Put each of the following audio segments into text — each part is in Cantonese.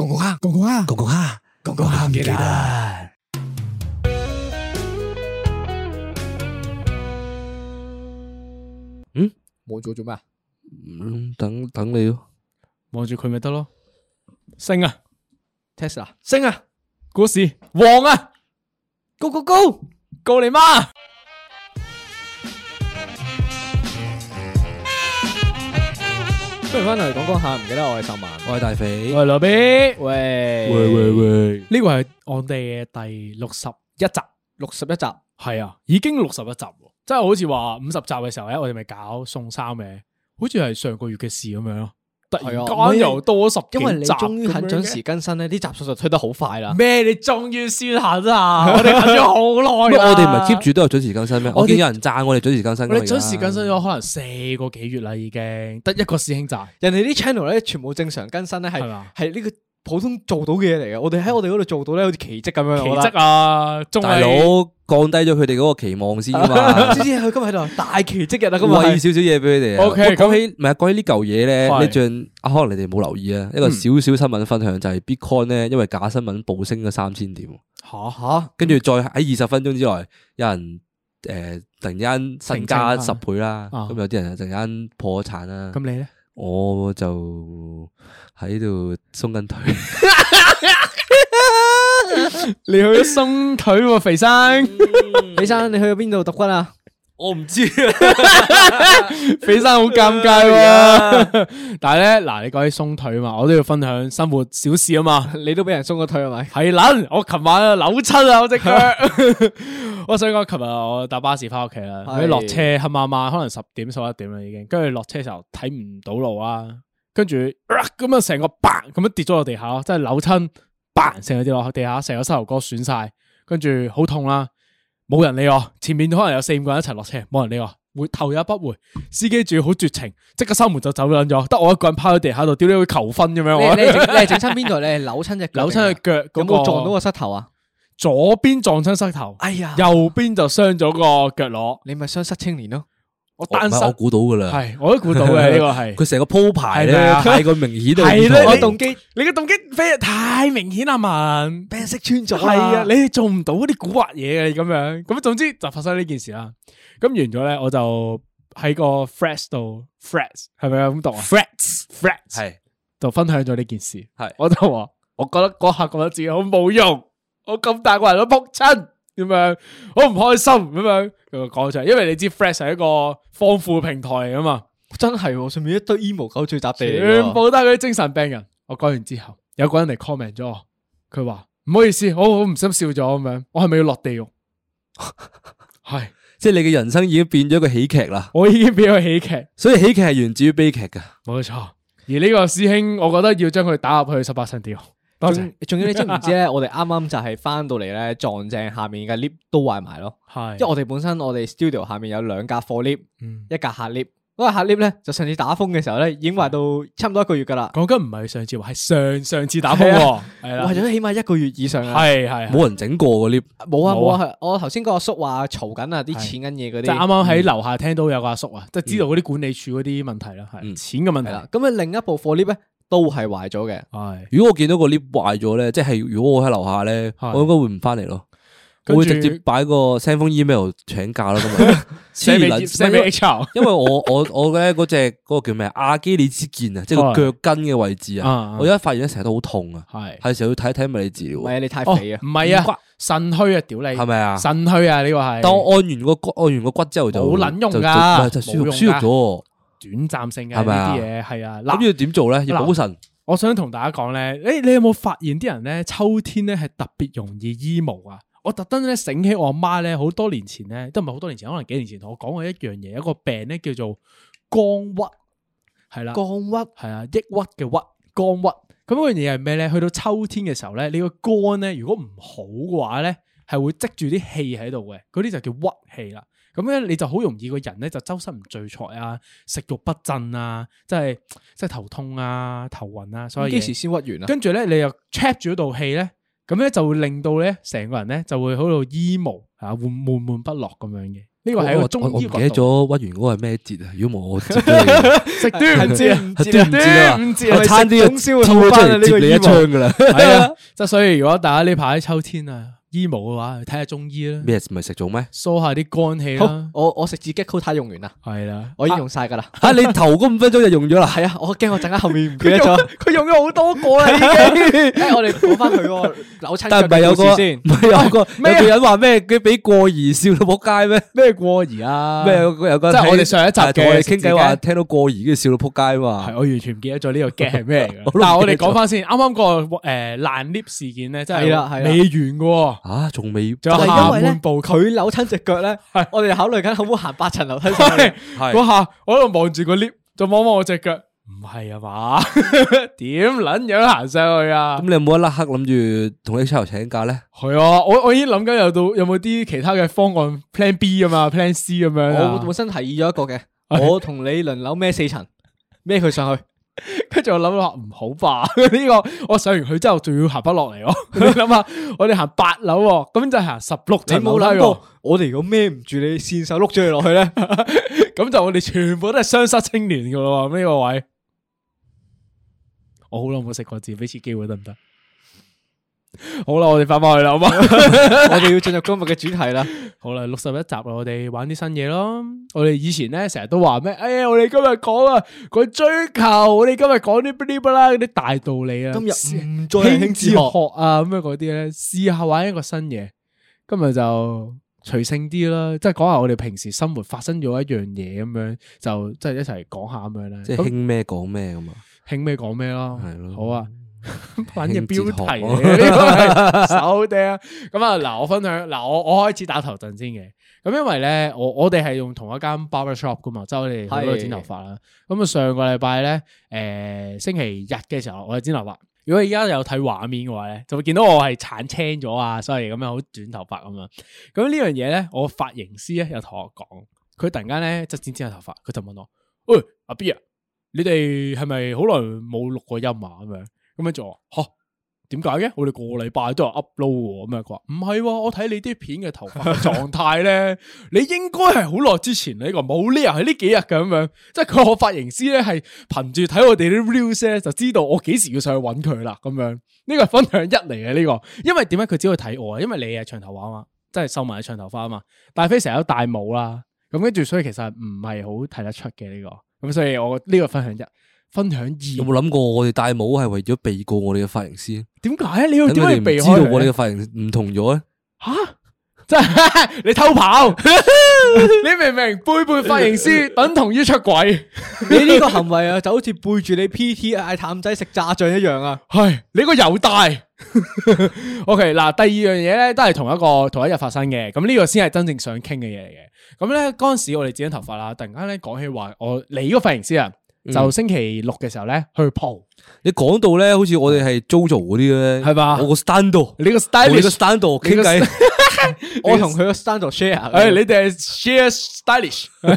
拱拱下，拱拱下，拱拱下，拱拱下，咪得。嗯，望住做咩啊？嗯，等等你咯。望住佢咪得咯。升啊，Tesla 升啊，股市旺啊，高高高，高你媽！歡迎翻嚟，講講下，唔記得我係秀文，我係大肥，我係羅比。喂喂喂，呢喂喂個係我哋嘅第六十一集，六十一集係啊，已經六十一集，真係好似話五十集嘅時候咧，我哋咪搞送衫嘅，好似係上個月嘅事咁樣咯。係啊，咁又多十幾集，因為你終於肯準時更新咧，啲集數就推得好快啦。咩？你終於先肯啊？ 我哋等咗好耐。我哋唔係 keep 住都有準時更新咩？我見有人讚我哋準時更新。我哋準時更新咗可能四個幾月啦，已經得一個師兄讚。人哋啲 channel 咧，全部正常更新咧，係係呢個。普通做到嘅嘢嚟嘅，我哋喺我哋嗰度做到咧，好似奇蹟咁樣。奇蹟啊！大佬降低咗佢哋嗰個期望先啊嘛！知知佢今日喺度大奇蹟日啦咁啊！喂少少嘢俾佢哋。OK，講起唔係啊，講起呢嚿嘢咧，呢張啊，可能你哋冇留意啊，一個少少新聞分享就係 Bitcoin 咧，因為假新聞暴升咗三千點。嚇嚇！跟住再喺二十分鐘之內，有人誒突然間身家十倍啦，咁有啲人又突然間破產啦。咁你咧？我就喺度鬆緊腿，你去咗鬆腿喎，肥生，肥生你去邊度揼骨啊？我唔知，肥生好尷尬。但係咧，嗱你講起鬆腿啊嘛，我都要分享生活小事啊嘛。 你都俾人鬆過腿係、啊、咪？係捻， 我琴晚扭親啊，我隻腳。 我想講，琴日我搭巴士翻屋企啦，落車黑麻麻，可能十點十一點啦已經，跟住落車時候睇唔到路啦，跟住咁啊成個嘭咁樣跌咗落地下，即係扭親，嘭成個跌落地下，成個膝頭哥損晒，跟住好痛啦，冇人理我，前面可能有四五個人一齊落車，冇人理我，回頭也不回，司機仲要好絕情，即刻收門就走捻咗，得我一個人趴喺地下度，屌你個求婚咁樣，你係整親邊度？你係扭親隻扭親隻腳，有冇撞到個膝頭啊？有左邊撞親膝頭，哎呀！右邊就傷咗個腳踝，你咪傷失青年咯！我單手估到噶啦，係我都估到嘅，呢個係佢成個鋪排咧，太過明顯，係啦！動機，你嘅動機非常太明顯啊！文，面色穿咗，係啊！你做唔到啲古惑嘢嘅咁樣，咁總之就發生呢件事啦。咁完咗咧，我就喺個 fresh 度 fresh 係咪咁讀啊 fresh，fresh 係就分享咗呢件事，係我就話，我覺得嗰刻覺得自己好冇用。我咁大個人都仆親咁樣，好唔開心咁樣，講咗出嚟，因為你知 fresh 係一個豐富平台嚟噶嘛，真係上面一堆 emo 狗聚集地，全部都係嗰啲精神病人。我講完之後，有個人嚟 comment 咗我，佢話唔好意思，我我唔心笑咗咁樣，我係咪要落地獄？係 唉，即係你嘅人生已經變咗個喜劇啦，我已經變咗喜劇，所以喜劇係源自於悲劇噶，冇錯。而呢個師兄，我覺得要將佢打入去十八層地獄。仲仲要你知唔知咧？我哋啱啱就係翻到嚟咧，撞正下面嘅 lift 都壞埋咯。係，因為我哋本身我哋 studio 下面有兩架貨 lift，一架客 lift。嗰客 lift 咧，就上次打風嘅時候咧，已經壞到差唔多一個月噶啦。講緊唔係上次壞，係上上次打風喎。係啦，壞咗起碼一個月以上。係係，冇人整過嗰 lift。冇啊冇啊，我頭先嗰阿叔話嘈緊啊，啲錢銀嘢嗰啲。就啱啱喺樓下聽到有個阿叔啊，就知道嗰啲管理處嗰啲問題啦，係。錢嘅問題。咁啊，另一部貨 lift 咧？都係壞咗嘅。如果我見到個 lift 壞咗咧，即係如果我喺樓下咧，我應該會唔翻嚟咯。我會直接擺個 send 封 email 請假咯。咁啊，因為我我我咧嗰隻嗰個叫咩阿基里斯腱啊，即係個腳跟嘅位置啊。我而家發現成日都好痛啊。係，係時候要睇一睇物理治療。唔係你太肥啊，唔係啊，腎虛啊，屌你，係咪啊，腎虛啊，呢個係。但我按完個骨，按完個骨之後就好卵用噶，就舒舒服咗。短暫性嘅呢啲嘢，係啊，咁要點做咧？要補神、啊。我想同大家講咧，誒、欸，你有冇發現啲人咧，秋天咧係特別容易 emo 啊？我特登咧醒起我阿媽咧，好多年前咧，都唔係好多年前，可能幾年前同我講過一樣嘢，一個病咧叫做肝鬱，係啦屈，肝鬱係啊，抑鬱嘅鬱，肝鬱。咁嗰樣嘢係咩咧？去到秋天嘅時候咧，你個肝咧如果唔好嘅話咧，係會積住啲氣喺度嘅，嗰啲就叫鬱氣啦。咁咧，你就好容易個人咧就周身唔聚財啊，食欲不振啊，即係即係頭痛啊、頭暈啊，所以幾時先屈完啊？跟住咧，你又 check 住嗰道氣咧，咁咧就，就會令到咧成個人咧就會喺度 emo 啊悶悶悶不樂咁樣嘅。呢個係個中醫學。我記得咗屈完嗰個係咩節啊？如果冇我食端午節啊，端午節啊， 辭差啲啊，中秋，會抽翻啊，接你一槍噶啦。係 啊， 即係所以如果大家呢排秋天啊。醫冇嘅話，睇下中醫啦。咩唔係食咗咩？梳下啲肝氣啦。我我食字 gag，用完啦。係啦，我已經用晒噶啦。吓你頭嗰五分鐘就用咗啦。係啊，我驚我陣間後面唔記得咗。佢用咗好多個啦已經。我哋講翻佢喎，扭親。但係唔係有個咩人話咩？佢俾過兒笑到仆街咩？咩過兒啊？咩有個即係我哋上一集同我哋傾偈話，聽到過兒跟住笑到仆街嘛？我完全唔記得咗呢個 gag 係咩嚟嘅。但我哋講翻先，啱啱個誒爛 lift 事件咧，真係未完嘅。啊，仲未，仲有下半部。佢扭親隻腳咧，係我哋考慮緊，好唔好行八層樓梯上去 的？嗰下我喺度望住個 lift，就摸摸我隻腳，唔係啊嘛？點捻樣行上去啊？咁你有冇一刻諗住同你出頭請假咧？係啊，我我已經諗緊有到，有冇啲其他嘅方案 plan B 啊嘛，plan C 咁樣 我本身提議咗一個嘅，我同你輪流孭四層，孭佢上去。跟住我諗咗，話唔好吧？呢 個我上完去之後 想想，啊，仲要行翻落嚟咯。你諗下，我哋行八樓，咁就行十六層。我哋如果孭唔住你線手碌咗住落去咧，咁 就我哋全部都係雙失青年噶啦。呢個位，我好耐冇食過字，俾次機會得唔得？好啦，我哋翻返去啦，好嘛？ 我哋要進入今日嘅主題啦。好啦，六十一集，我哋玩啲新嘢咯。我哋以前咧成日都話咩？哎呀，我哋今日講啊，佢追求，我哋今日講啲不離啦嗰啲大道理啊。今日唔興興之學啊，咁樣嗰啲咧，試下玩一個新嘢。今日就隨性啲啦，即係講下我哋平時生活發生咗一樣嘢咁樣，就即係一齊講下咁樣咧。即係興咩講咩啊，興咩講咩咯？係那咯，咯的好啊。揾嘅 標題，哲 手頂咁啊！嗱、嗯，我分享嗱，我我開始打頭陣先嘅。咁因為咧，我我哋係用同一間 barber shop 噶嘛，即係我哋去嗰度剪頭髮啦。咁啊是、嗯，上個禮拜咧，誒、呃、星期日嘅時候，我哋剪頭髮。如果而家有睇畫面嘅話咧，就會見到我係鏟青咗啊，所以咁樣好短頭髮咁樣。咁呢樣嘢咧，我髮型師咧有同我講，佢突然間咧就剪剪下頭髮，佢就問我：，喂，阿 B 啊，你哋係咪好耐冇錄過音啊？咁樣。咁樣做啊？吓？點解嘅？我哋個個禮拜都係 upload 喎。咁啊，佢話唔係，我睇你啲片嘅頭髮狀態咧，你應該係好耐之前呢、這個，冇理由喺呢幾日嘅咁樣。即係佢個髮型師咧，係憑住睇我哋啲 views 咧，就知道我幾時要上去揾佢啦。咁樣呢個分享一嚟嘅呢個，因為點解佢只可以睇我啊？因為你係長頭髮啊嘛，即係收埋嘅長頭髮啊嘛。大飛成日都戴帽啦，咁跟住所以其實唔係好睇得出嘅呢、這個。咁所以我呢、這個分享一。分享二，有冇諗過我哋戴帽係為咗避過我哋嘅髮型師？點解啊？你要點樣避開？知道我哋嘅髮型唔同咗咧？吓、啊！真係 你偷跑， 你明明背背髮型師，等同於出軌。 你呢個行為啊，就好似背住你 P T 阿、啊、 譚仔食炸醬一樣啊！係你個猶大。O K，嗱，第二樣嘢咧都係同一個同一日發生嘅。咁呢個先係真正想傾嘅嘢嚟嘅。咁咧嗰陣時我哋剪緊頭髮啦，突然間咧講起話，我你個髮型師啊！就星期六嘅時候咧去蒲，你講到咧，好似我哋係租做嗰啲咧，係嘛？我個 stand， 個 stand 你個 stylish， 我個 stand 傾偈，我同佢個 stand share。哎，你哋係 share stylish。咁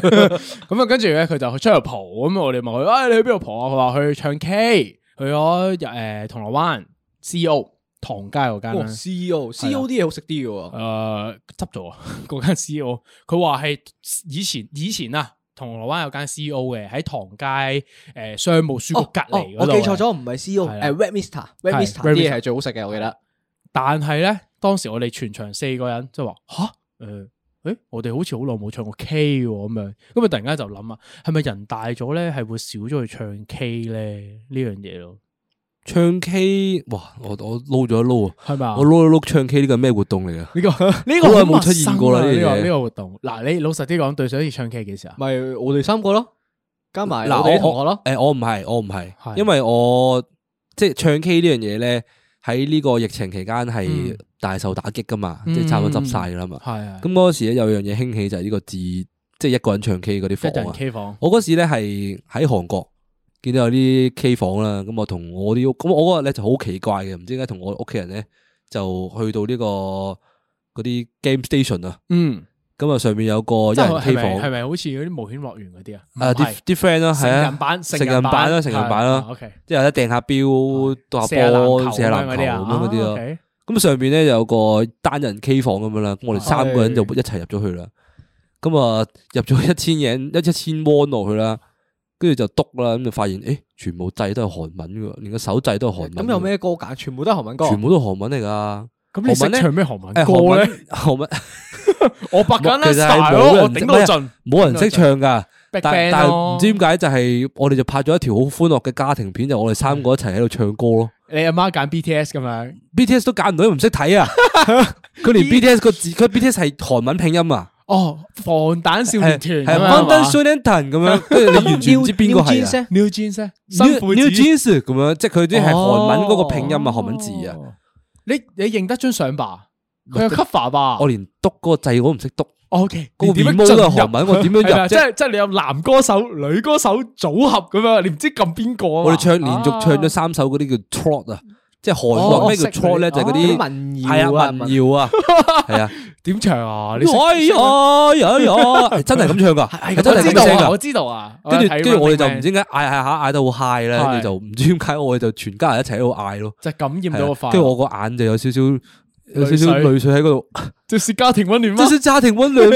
啊， 跟住咧，佢就去出去蒲，咁我哋問佢，哎，你去邊度蒲啊？佢話去唱 K，去咗誒銅鑼灣 CEO 唐街嗰間啦。CEO CEO 啲嘢，好食啲嘅，誒執咗嗰間 CEO。佢話係以前以前啊。銅鑼灣有間 CEO 嘅喺唐街誒、呃、商務書局隔離嗰度，我記錯咗唔係 CEO 誒的、呃、Red Mr Red Mr 係最好食嘅，我記得。但係咧當時我哋全場四個人即係話吓誒誒，我哋好似好耐冇唱過 K 咁樣，咁啊突然間就諗啊，係咪人大咗咧係會少咗去唱 K 咧呢樣嘢咯？唱 K，哇！我我撈咗一撈啊，係嘛？我撈一撈吧唱 K 呢個咩活動嚟噶？呢個呢個好耐冇出現過啦呢個呢個活動。嗱，你老實啲講，對上一次唱 K 幾時啊？咪我哋三個咯，加埋嗱我哋同學咯。誒，我唔係，我唔係，是因為我即係唱 K 呢樣嘢咧，喺呢個疫情期間係大受打擊噶嘛，嗯、即係差唔多執晒噶啦嘛。係、嗯。咁嗰時咧有樣嘢興起就係呢個字，即係一個人唱 K 嗰啲房 K 房。我嗰時咧係喺韓國。見到有啲 K 房啦，咁我同我啲，咁我嗰日咧就好奇怪嘅，唔知點解同我屋企人咧就去到呢、呢個嗰啲 game station 啊，嗯，咁啊上面有個一人 K 房，係咪好似嗰啲冒險樂園嗰啲啊？啲 friend 咯，係啊，啊，成人版，啊，成人版咯，成人版咯，即係咧掟下鏢，打下波，射下籃球咁嗰啲咯。咁上面咧就有個單人 K 房咁樣啦，咁我哋三個人就一齊入咗去啦。咁啊、嗯，哎、入咗一千人，一千一千 o n 落去啦。跟住就篤啦，咁就發現，誒，全部掣都係韓文噶，連個手掣都係韓文。咁有咩歌揀？全部都係韓文歌。全部都係韓文嚟㗎。韓文唱咩韓文歌咧？韓文我白緊啦，其實係冇人頂得盡，冇人識唱㗎。但係唔知點解就係我哋就拍咗一條好歡樂嘅家庭片，就我哋三個一齊喺度唱歌咯。你阿媽揀 BTS 咁樣，BTS 都揀唔到，唔識睇啊！佢連 BTS 個字，佢 BTS 係韓文拼音啊。哦，防彈少年團係防彈少年團咁樣，即係你完全唔知邊個係啊？New Jeans，New Jeans，New Jeans 咁樣，即係佢啲係韓文嗰個拼音啊，韓文字啊。你你認得張相吧？佢有 cover 吧？我連篤嗰個掣我都唔識篤。OK，個臉模都係韓文，我點樣入？即係即係你有男歌手、女歌手組合咁樣，你唔知撳邊個啊？我哋唱連續唱咗三首嗰啲叫 Trot 啊。即係韓樂咩叫初 h o 咧，就嗰啲民謠啊，民謠啊，係啊，點唱啊？哎呀，哎呀，真係咁唱噶，真係咁聲噶，我知道啊。跟住跟住我哋就唔知點解嗌嗌下嗌到好嗨 i，跟住就唔知點解我哋就全家人一齊喺度嗌咯，就感染到，跟住我個眼就有少少有少少淚水喺嗰度。這是家庭溫暖嗎？這家庭溫暖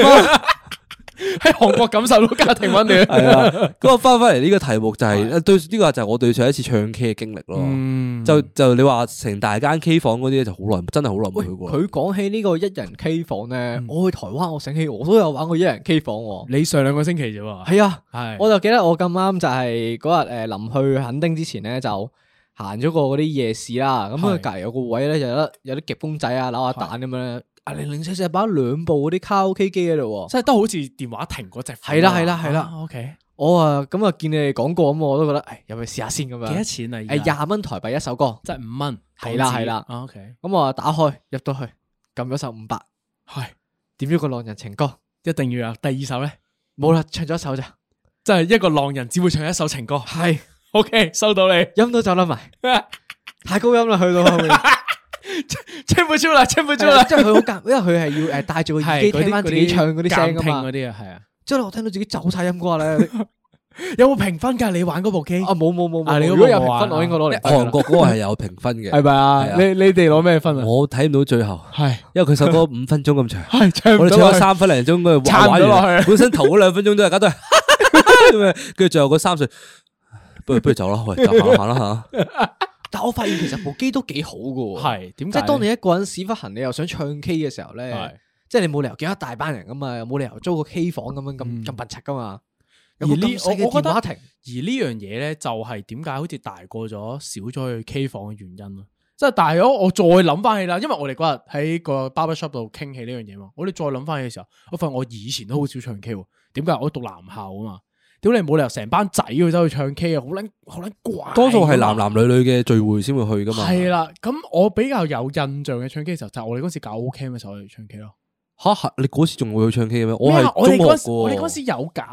喺韓 國感受到家庭溫暖、 啊。係啦，咁我翻翻嚟呢個題目就係、是 啊、對呢、這個就係我對上一次唱 K 嘅經歷咯。嗯，就就你話成大間 K 房嗰啲咧，就好耐，真係好耐冇去過。佢講起呢個一人 K 房咧，嗯、我去台灣，我醒起我，我都有玩過一人 K 房。你上兩個星期啫？係啊，係是。我就記得我咁啱就係嗰日誒，臨、呃、去墾丁之前咧，就行咗個嗰啲夜市啦。咁啊是，隔籬有個位咧，有得有啲夾公仔啊，扭下蛋咁樣。零零舍舍擺兩部嗰啲卡拉 OK 機喺度，即係都好似電話亭嗰隻。係啦係啦係啦，OK。我啊咁啊見你哋講過咁啊，我都覺得，哎，入去試下先咁樣。幾多錢啊？誒，廿蚊台幣一首歌，即係五蚊。係啦係啦，OK。咁我打開入到去，撳咗首五百，係點咗個浪人情歌，一定要有第二首咧，冇啦，唱咗一首咋，即係一個浪人只會唱一首情歌。係，OK，收到你音都走得埋，太高音啦，去到後面。唱唔出啦，唱唔出啦，即係佢好夾，因為佢係要誒，帶住個耳機聽翻自己唱嗰啲聲噶嘛。嗰啲啊，係啊，真係我聽到自己走晒音歌啦。有冇評分噶？你玩嗰部機啊？冇冇冇冇。如果有評分，我應該攞嚟。韓國嗰個係有評分嘅，係咪啊？你你哋攞咩分啊？我睇唔到最後，係因為佢首歌五分鐘咁長，我哋唱咗三分零鐘，我哋玩咗落去，本身頭嗰兩分鐘都係，搞到都跟住最後嗰三歲，不如不如走啦，喂，就下行啦吓。但我發現其實部機都幾好嘅喎，係點解當你一個人屎忽痕，你又想唱 K 嘅時候咧，是即係你冇理由叫一大班人嘅嘛，冇理由租個 K 房咁樣咁咁笨柒嘅嘛。而呢，我覺得而呢樣嘢咧，就係點解好似大過咗少咗去 K 房嘅原因咯。即係大咗，我再諗翻起啦，因為我哋嗰日喺個 barbershop 度傾起呢樣嘢嘛，我哋再諗翻起嘅時候，我發現我以前都好少唱 K 喎。點解？我讀男校啊嘛。屌你冇理由成班仔去走去唱 K 啊，好撚好撚怪。多數係男男女女嘅聚會先會去噶嘛。係啦，咁我比較有印象嘅唱 K 嘅時候，就是，我哋嗰時搞 O Camp 嘅時候去唱 K 咯。吓，你嗰時仲會去唱 K 嘅咩？我我哋嗰我哋時有搞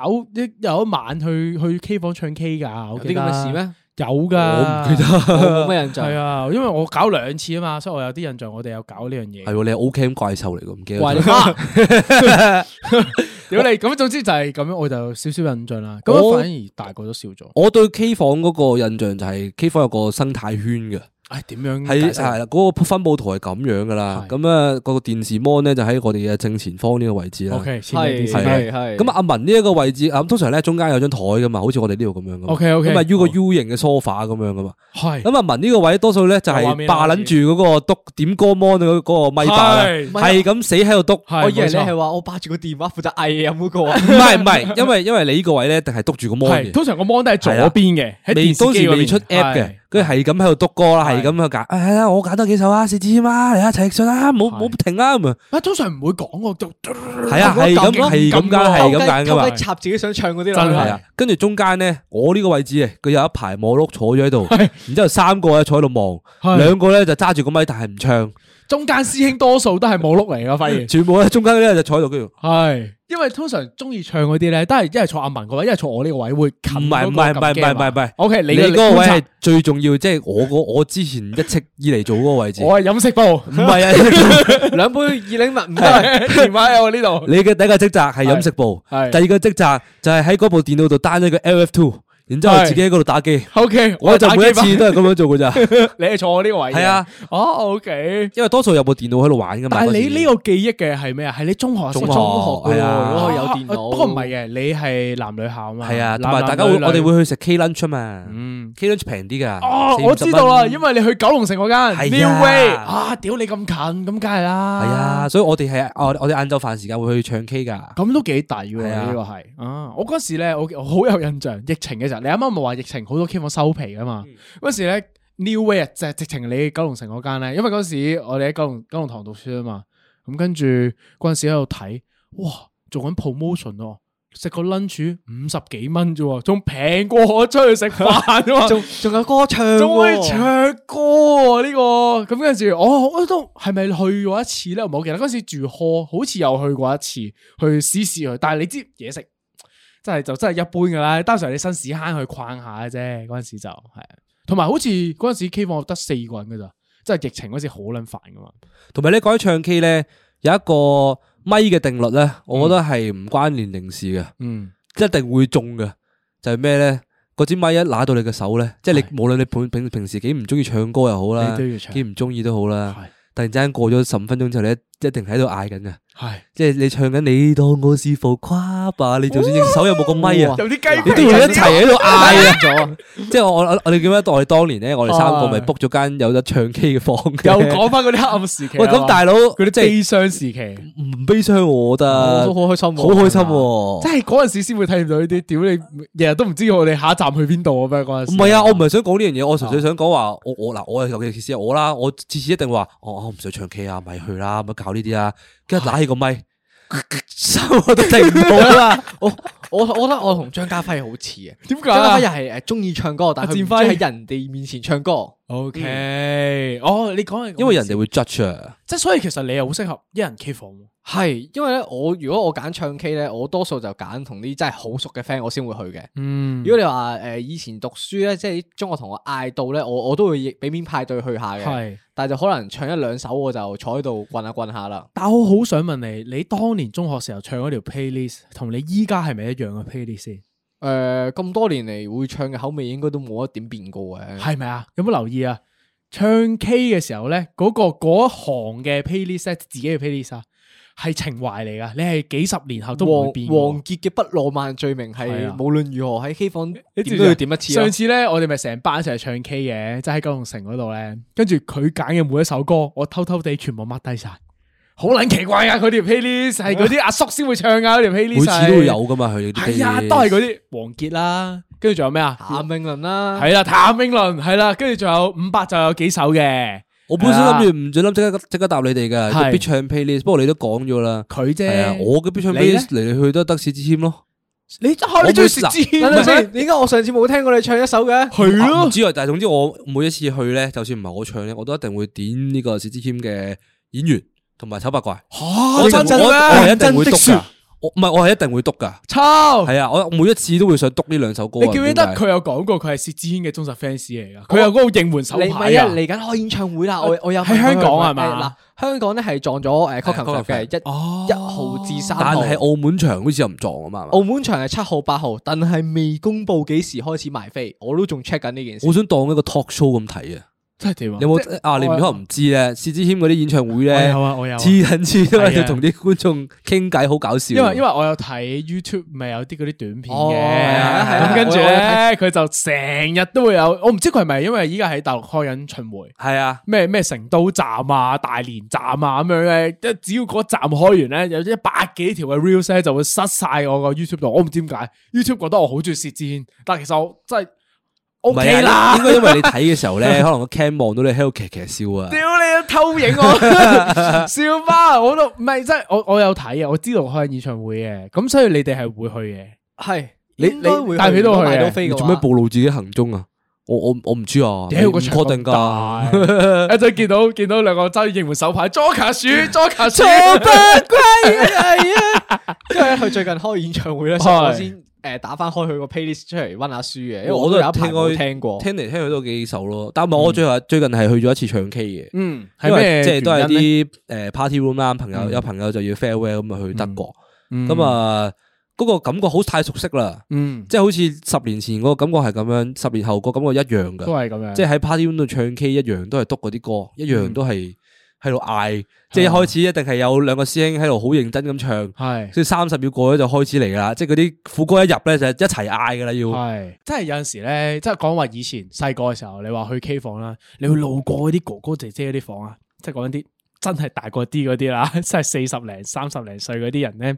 有一晚去去 K 房唱 K 噶，有啲咁嘅事咩？有噶，我唔記得冇咩的印象。係啊，因為我搞兩次啊嘛，所以我有啲印象我。我哋有搞呢樣嘢。係，你係 O Camp 怪獸嚟噶，唔記得。 屌你，咁我總之就係咁樣，我就有少少印象啦。我反而大個都笑咗。我對 K 房嗰個印象就係 K 房有個生態圈嘅。誒，點樣係誒嗰個分布圖係咁樣噶啦，咁啊嗰個電視 mon 咧就喺我哋嘅正前方呢個位置啦。係係係。咁阿文呢一個位置，咁通常咧中間有張台噶嘛，好似我哋呢度咁樣。O K O K。咁啊 U 個 U 型嘅梳化咁樣噶嘛。係。咁阿文呢個位多數咧就係霸捻住嗰個督點歌 mon 嗰嗰個 mic 啦，係咁死喺度督。我以為你係話我霸住個電話負責 I M 嗰個。唔係唔係，因為因為你呢個位咧，一定係督住個 mon。係，通常個 mon 都喺左邊嘅，喺電視機未出 app 嘅。佢住係咁喺度督歌啦，係咁去揀，哎呀我揀多幾首啊，薛之謙啊，嚟啊，陳奕迅啊，冇冇停啊咁啊，通常唔會講噶，係啊係咁係咁揀係咁揀噶嘛，插自己想唱嗰啲咯，真係啊。跟住中間咧，我呢個位置啊，佢有一排幕碌坐咗喺度，然之後三個喺坐喺度望，兩個咧就揸住個咪，但係唔唱。中間師兄多數都係冇碌嚟㗎，發現。全部咧中間嗰啲就坐喺度，叫住。係，因為通常中意唱嗰啲咧，都係一係坐阿文個位，一係坐我呢個位會近。唔係唔係唔係唔係唔係。O K，你你嗰個位係最重要，即係我我之前一直以嚟做嗰個位置。我係飲食部，唔係啊，兩杯二零物唔得，電話有呢度。你嘅第一個職責係飲食部，係第二個職責就係喺嗰部電腦度 download 一個 L F two。然之後自己喺嗰度打機，OK，我就每一次都係咁樣做噶咋。你係坐我呢位，係啊，哦，OK。因為多數有部電腦喺度玩噶嘛。但係你呢個記憶嘅係咩啊？係你中學中學噶，如果有電腦。不過唔係嘅，你係男女校嘛？係啊，同埋大家會我哋會去食 K lunch 啊嘛。嗯，K lunch 平啲噶。我知道啦，因為你去九龍城嗰間 New Way 啊，屌你咁近，咁梗係啦。係啊，所以我哋係我哋晏晝飯時間會去唱 K 噶。咁都幾抵喎，呢個係。我嗰時咧，我好有印象，疫情嘅時候。你啱啱唔係話疫情好多 K 房收皮噶嘛？嗰、嗯、時咧 New Way 就係直情你去九龍城嗰間咧，因為嗰時我哋喺九龍九龍塘讀書啊嘛，咁跟住嗰陣時喺度睇，哇，做緊 promotion 哦，食個 lunch 五十幾蚊啫，仲平過我出去食飯啊，仲仲 有歌唱、啊，仲可以唱歌啊呢、呢個，咁嗰陣時，哦，我都係咪去過一次咧？唔好記得嗰時住 hall 好似又去過一次去試試去，但係你知嘢食。真係就真係一般噶啦，當時候你新屎坑去逛下啫，嗰陣時就係，同埋好似嗰陣時 K 房得四個人噶咋，即係疫情嗰時好撚煩噶嘛。同埋你講起唱 K 咧，有一個咪嘅定律咧，我覺得係唔關年齡事嘅，嗯，嗯，一定會中嘅就係咩咧？嗰支咪一拿到你嘅手咧，即係的你無論你平平平時幾唔中意唱歌又好啦，幾唔中意都好啦，的突然之間過咗十五分鐘之後咧。一定喺度嗌緊嘅。係即係你唱緊你當我是浮誇吧，你就算手有冇個咪啊，有啲雞，你都會一齊喺度嗌咗，即係我我我哋記得當當年咧，我哋三個咪 book 咗間有得唱 K 嘅房，又講翻嗰啲黑暗時期，喂咁大佬嗰啲悲傷時期，唔悲傷我覺得，都好開心，好開心，即係嗰陣時先會體驗到呢啲，屌。你日日都唔知我哋下一站去邊度啊。咩嗰陣時，唔係啊，我唔係想講呢樣嘢，我純粹想講話，我嗱，我尤其是我啦，我次次一定話，我唔想唱 K 啊，咪去啦搞呢啲啦，跟住、啊、拿起個麥，收 我都聽唔到啦。我我我覺得我同張家輝好似嘅，點解？張家輝又係誒中意唱歌，但係唔中意喺人哋面前唱歌。O Okay , K、嗯、哦，你講嘢，因為人哋會 judge 啊，即係所以其實你又好適合一人 K 房，係因為咧，我如果我揀唱 K 咧，我多數就揀同啲真係好熟嘅 friend，我先會去嘅。嗯，如果你話誒、呃、以前讀書咧，即係啲中學同學嗌到咧，我我都會俾面派對去下嘅，係是，但係就可能唱一兩首我就坐喺度滾下滾下啦。但係我好想問你，你當年中學時候唱嗰條 playlist，同你依家係咪一樣嘅，啊、playlist？誒，咁、呃、多年嚟會唱嘅口味應該都冇一點變過嘅，係咪啊？有冇留意啊？唱 K 嘅時候咧，嗰、嗰個嗰一行嘅 playlist，自己嘅 playlist 係、啊、情懷嚟噶，你係幾十年後都冇會變過。王傑嘅不浪漫罪名係、啊、無論如何喺 K 房點都要點一次、啊啊。上次咧，我哋咪成班一齊唱 K 嘅，即係喺九龍城嗰度咧，跟住佢揀嘅每一首歌，我偷偷地全部 mark 低晒。好捻奇怪噶，佢條 Playlist 係嗰啲阿叔先會唱噶，條 Playlist 每次都會有噶嘛，佢係啊，都係嗰啲王傑啦，跟住仲有咩啊？譚詠麟啦，係啦，譚詠麟係啦，跟住仲有五百就有幾首嘅。我本身諗住唔準諗，即刻即刻答你哋嘅必唱 Playlist，不過你都講咗啦，佢啫。係啊，我嘅必唱 Playlist 嚟嚟去都得薛之謙咯。你中意薛之謙，等等先。點解我上次冇聽過你唱一首嘅？係咯，之外，但係總之我每一次去咧，就算唔係我唱咧，我都一定會點呢個薛之謙嘅演員。同埋醜八怪我真真咩？我係一定會讀噶，我唔係我係一定會讀噶。抄係啊！我每一次都會想讀呢兩首歌。你記唔記得，佢有講過佢係薛之謙嘅忠實 fans 嚟噶。佢有嗰個應援手牌啊！嚟緊開演唱會啦！我我有喺香港係咪？嗱，香港咧係撞咗誒 concert 嘅一一號至三號，但係澳門場好似又唔撞啊嘛。澳門場係七號、八號，但係未公布幾時開始賣飛，我都仲 check 緊呢件事。我想當一個 talk show 咁睇啊！真係點啊？有冇啊？你唔可能唔知咧？薛之謙嗰啲演唱會咧，有啊，我有，知，緊黐，就同啲觀眾傾偈，好搞笑。因為因為我有睇 YouTube，咪有啲嗰啲短片嘅，咁跟住咧，佢就成日都會有。我唔知佢係咪因為依家喺大陸開緊巡回。係啊，咩咩成都站啊、大連站啊咁樣咧，即係只要嗰站開完咧，有一百幾條嘅 reels 晒就會塞晒我個 YouTube 度。我唔知點解 YouTube 覺得我好中意薛之謙，但係其實我真係。唔係啦，應該因為你睇嘅時候咧，可能個 cam 望到你喺度，騎騎笑啊！屌你啊，偷影我！笑吧，我都唔係，真係我我有睇啊，我知道開演唱會嘅，咁所以你哋係會去嘅。係，你應該會，但係佢都去嘅。你做咩暴露自己行蹤啊？我我我唔知啊！屌，我確定噶，一陣見到見到兩個揸住應援手牌，捉卡鼠，捉卡鼠，捉不歸啊！因為咧，佢最近開演唱會咧，所以我先。誒，打翻開佢個 playlist 出嚟溫下書嘅，因為我有都有聽過，聽嚟聽去都幾熟咯。但係我最近、嗯、最近係去咗一次唱 K 嘅，嗯，係咩即係，都係啲誒 party room 啦，朋友、嗯、有朋友就要 farewell 咁啊去德國，咁啊嗰個感覺好太熟悉啦，嗯，即係好似十年前嗰個感覺係咁樣，十年後個感覺一樣嘅，都係咁樣，即係喺 party room 度唱 K 一樣，都係篤嗰啲歌，一樣都係。喺度嗌，即係是的 一開始一定係有兩個師兄喺度好認真咁唱，所是的 以三十秒過咗就開始嚟啦。即係嗰啲副歌一入咧就一齊嗌噶啦要，即係有陣時咧即係講話以前細個嘅時候，你話去 K 房啦，你會路過嗰啲哥哥姐姐嗰啲房啊，嗯、即係講緊啲。真係大個啲嗰啲啦，真係四十零、三十零歲嗰啲人咧，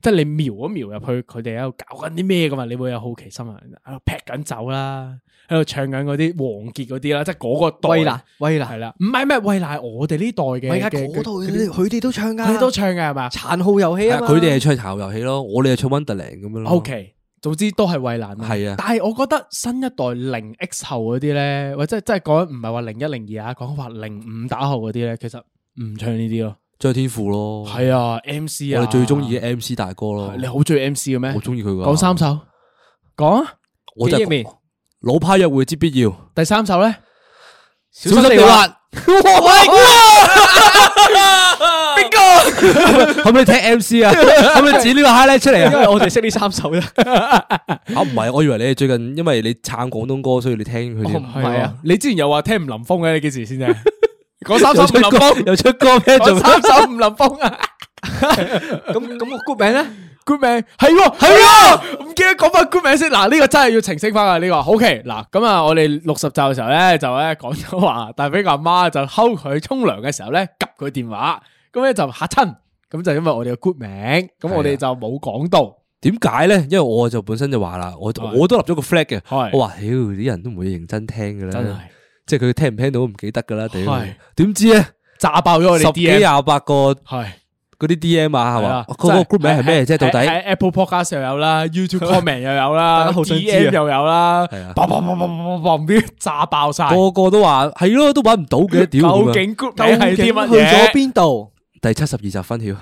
即係你瞄一瞄入去，佢哋喺度搞緊啲咩噶嘛？你會有好奇心啊！喺度劈緊酒啦，喺度唱緊嗰啲王傑嗰啲啦，即係嗰個代啦，衛蘭係啦，唔係咩？衛蘭係我哋呢代嘅，而家嗰代佢哋都唱噶，佢都唱噶係嘛？殘酷遊戲啊，佢哋係唱殘酷遊戲咯，我哋係唱 Wonderland 咁樣咯。OK，總之都係衛蘭係啊。的但係我覺得新一代零 X 後嗰啲咧，或者即係講唔係話零一零二啊，講翻零五打後嗰啲咧，其實。唔唱呢啲咯，張天賦咯。係啊，M C 啊，我哋最中意嘅 M C 大哥咯。你好中意 M C 嘅咩？好中意佢噶。講三首，講。見一面，老派約會之必要。第三首咧，小心地滑。我係邊個？可唔可以聽 M C 啊？可唔可以剪呢個 highlight 出嚟啊？因為我哋識呢三首啫。啊，唔係，我以為你最近，因為你撐廣東歌，所以你聽佢。唔係啊，你之前又話聽吳林峰嘅，你幾時先啫？講三首出歌，又出歌咩？仲三首唔林峰啊！咁咁個 group 名咧？group 名？係喎係喎，唔記得講翻 group 名先。嗱、這、呢個真係要澄清翻啊！呢、這個，OK 嗱咁啊，我哋六十集嘅時候咧就咧講咗話，但係俾阿媽就敲佢沖涼嘅時候咧，撳佢電話，咁咧就吓親，咁就因為我哋嘅 group 名、啊，咁我哋就冇講到，點解咧？因為我就本身就話啦，我的我都立咗個 flag 嘅，的的我話屌啲人都唔會認真聽嘅咧。即係佢聽唔聽到唔記得㗎啦，點點知咧炸爆咗我哋十幾廿八個，係嗰啲 D M 啊，係嘛？佢嗰個 group 名係咩？即係到底 Apple Podcast 又有啦，YouTube Comment 又有啦，D M 又有啦，叭叭叭叭叭叭唔知炸爆晒，個個都話係咯，都搵唔到嘅，屌！究竟 group 名係啲乜嘢？去咗邊度？第七十二集分曉。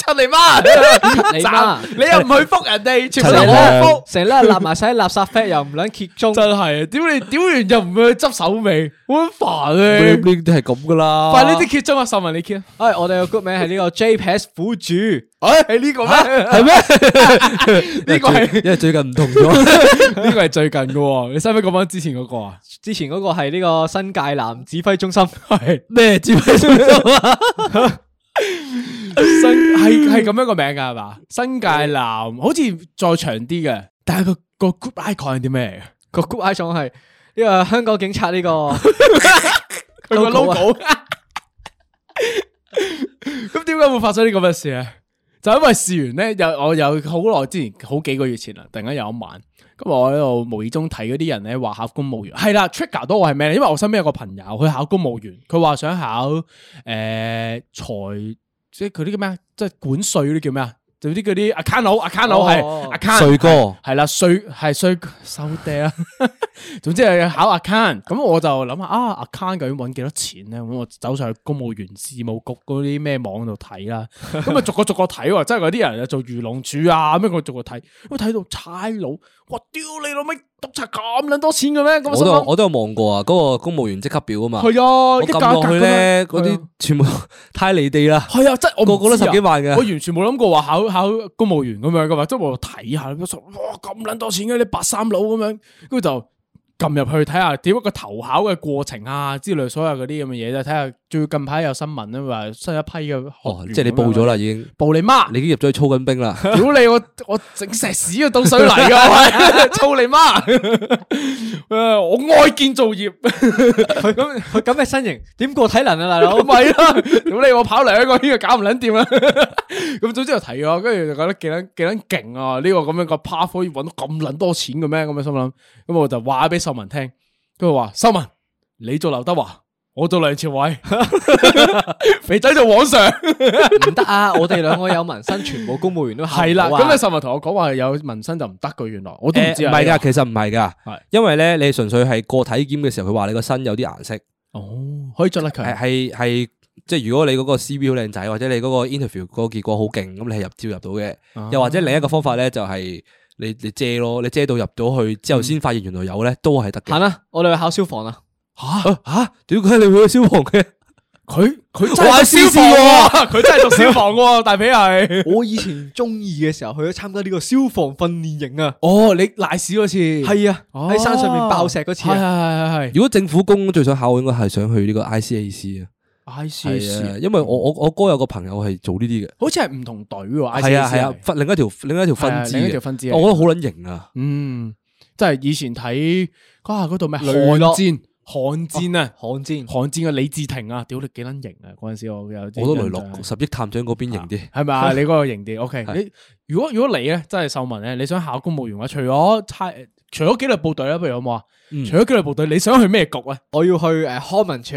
陳你媽 你媽，你又唔去覆人哋，全部都係我覆，成堆立埋晒垃圾 fit，又唔撚揭盅，真係啊！屌你屌完又唔去執手尾，好煩啊！呢啲係咁噶啦，但呢啲揭盅啊，秀文你揭，哎，我哋嘅 good 名係呢個 JPS 苦 主，哎，係呢個咩？係咩、啊？呢個係因為最近唔同咗，呢 個係最近噶，你使唔使講返之前嗰、那個啊？之前嗰個係呢個新界南指揮中心，係咩指揮中心啊？ 新係係咁樣個名噶係嘛？新界南好似再長啲嘅，但係、嗰個、嗰個 group icon 係啲咩嚟嘅？嗰個 group icon 係呢個香港警察呢、這個 logo。咁點解會發生呢個乜事咧？就係、因為事緣咧，又我有好耐之前好幾個月前啦，突然間有一晚。今日我喺度無意中睇嗰啲人咧，話考公務員係啦，trigger 到我係咩？因為我身邊有個朋友，佢考公務員，佢話想考誒財、呃，即係佢啲叫咩？即係管稅嗰啲叫咩啊？做啲嗰啲 account 佬，account 佬係，account 帥哥係啦，帥係帥收爹啊，總之係考 account，咁我就諗下啊，account 究竟搵幾多錢咧？咁我走上去公務員事務局嗰啲咩網度睇啦，咁啊 逐個逐個睇喎，即係嗰啲人啊做漁農署啊，咁樣我逐個睇，咁睇到差佬，我屌你老味！督察咁捻多錢嘅咩、那個？我都我都有望過啊，嗰、那個公務員職級表啊嘛。係啊，我一撳落去咧，嗰啲全部太離地啦。係啊，即、啊、真我個個都十幾萬嘅。我完全冇諗過話考考公務員咁樣噶嘛，即、就、係、是、我睇下，哇咁捻多錢嘅啲白衫佬咁樣，跟住就。撳入去睇下點一個投考嘅過程啊之類所有嗰啲咁嘅嘢啦，睇下最近排有新聞啊嘛，新一批嘅哦，即係你報咗啦麼已經報你媽，你已經入咗去操緊兵啦，屌你 我我整石屎到啊倒水泥噶操你媽，我愛建造業咁佢咁嘅身形點個體能啊大佬咪咯，屌你 我,我跑兩個圈又搞唔捻掂啦，咁 早知就提我，跟住就覺得幾捻幾捻勁啊呢個咁樣個 path 要搵到咁捻多錢嘅咩？咁樣心諗，咁我就話俾。收文聽，佢話秀文，你做劉德華，我做梁朝偉， 肥仔做往上，唔得啊！我哋兩個有紋身， 全部公務員都係啦、啊。咁你秀文同我講話有紋身就唔得㗎，原來、啊、我都唔知唔係噶，其實唔係噶，係的因為咧，你純粹係個體檢嘅時候，佢話你個身有啲顏色，哦，可以盡力佢係係即係，如果你嗰個 C V 好靚仔，或者你嗰個 interview 嗰個結果好勁，咁你係入招入到嘅。嗯、又或者另一個方法咧、就是，就係、是。你你借咯，你借到入咗去之後，先發現原來有咧，都係得嘅。行啦，我哋去考消防啊？吓、啊、吓，點解你會去考消防嘅？佢佢做消防，佢真係做消防嘅 大髀係。我以前中二嘅時候去咗參加呢個消防訓練營啊。哦，你瀨屎嗰次係啊，喺、啊、山上面爆石嗰次啊。係係係。啊啊啊啊、如果政府工最想考，應該係想去呢個 ICAC 啊。I see，因為我我我哥有個朋友係做呢啲嘅，好似係唔同隊喎。係啊係啊，啊，另一條另一條分支嘅，啊、分支我覺得好撚型啊。嗯，即係以前睇下嗰度咩寒戰寒戰啊，寒戰、啊哦、寒戰嘅李治廷啊，屌你幾撚型啊，嗰陣時我有，好多雷洛十億探長嗰邊型啲，係咪啊？ 你嗰個型啲？O K，你如果如果你咧，真係秀文咧，你想考公務員嘅，除咗差，除咗紀律部隊咧，不如有冇啊？好嗯、除咗紀律部隊，你想去咩局啊？我要去誒，uh, 康文處。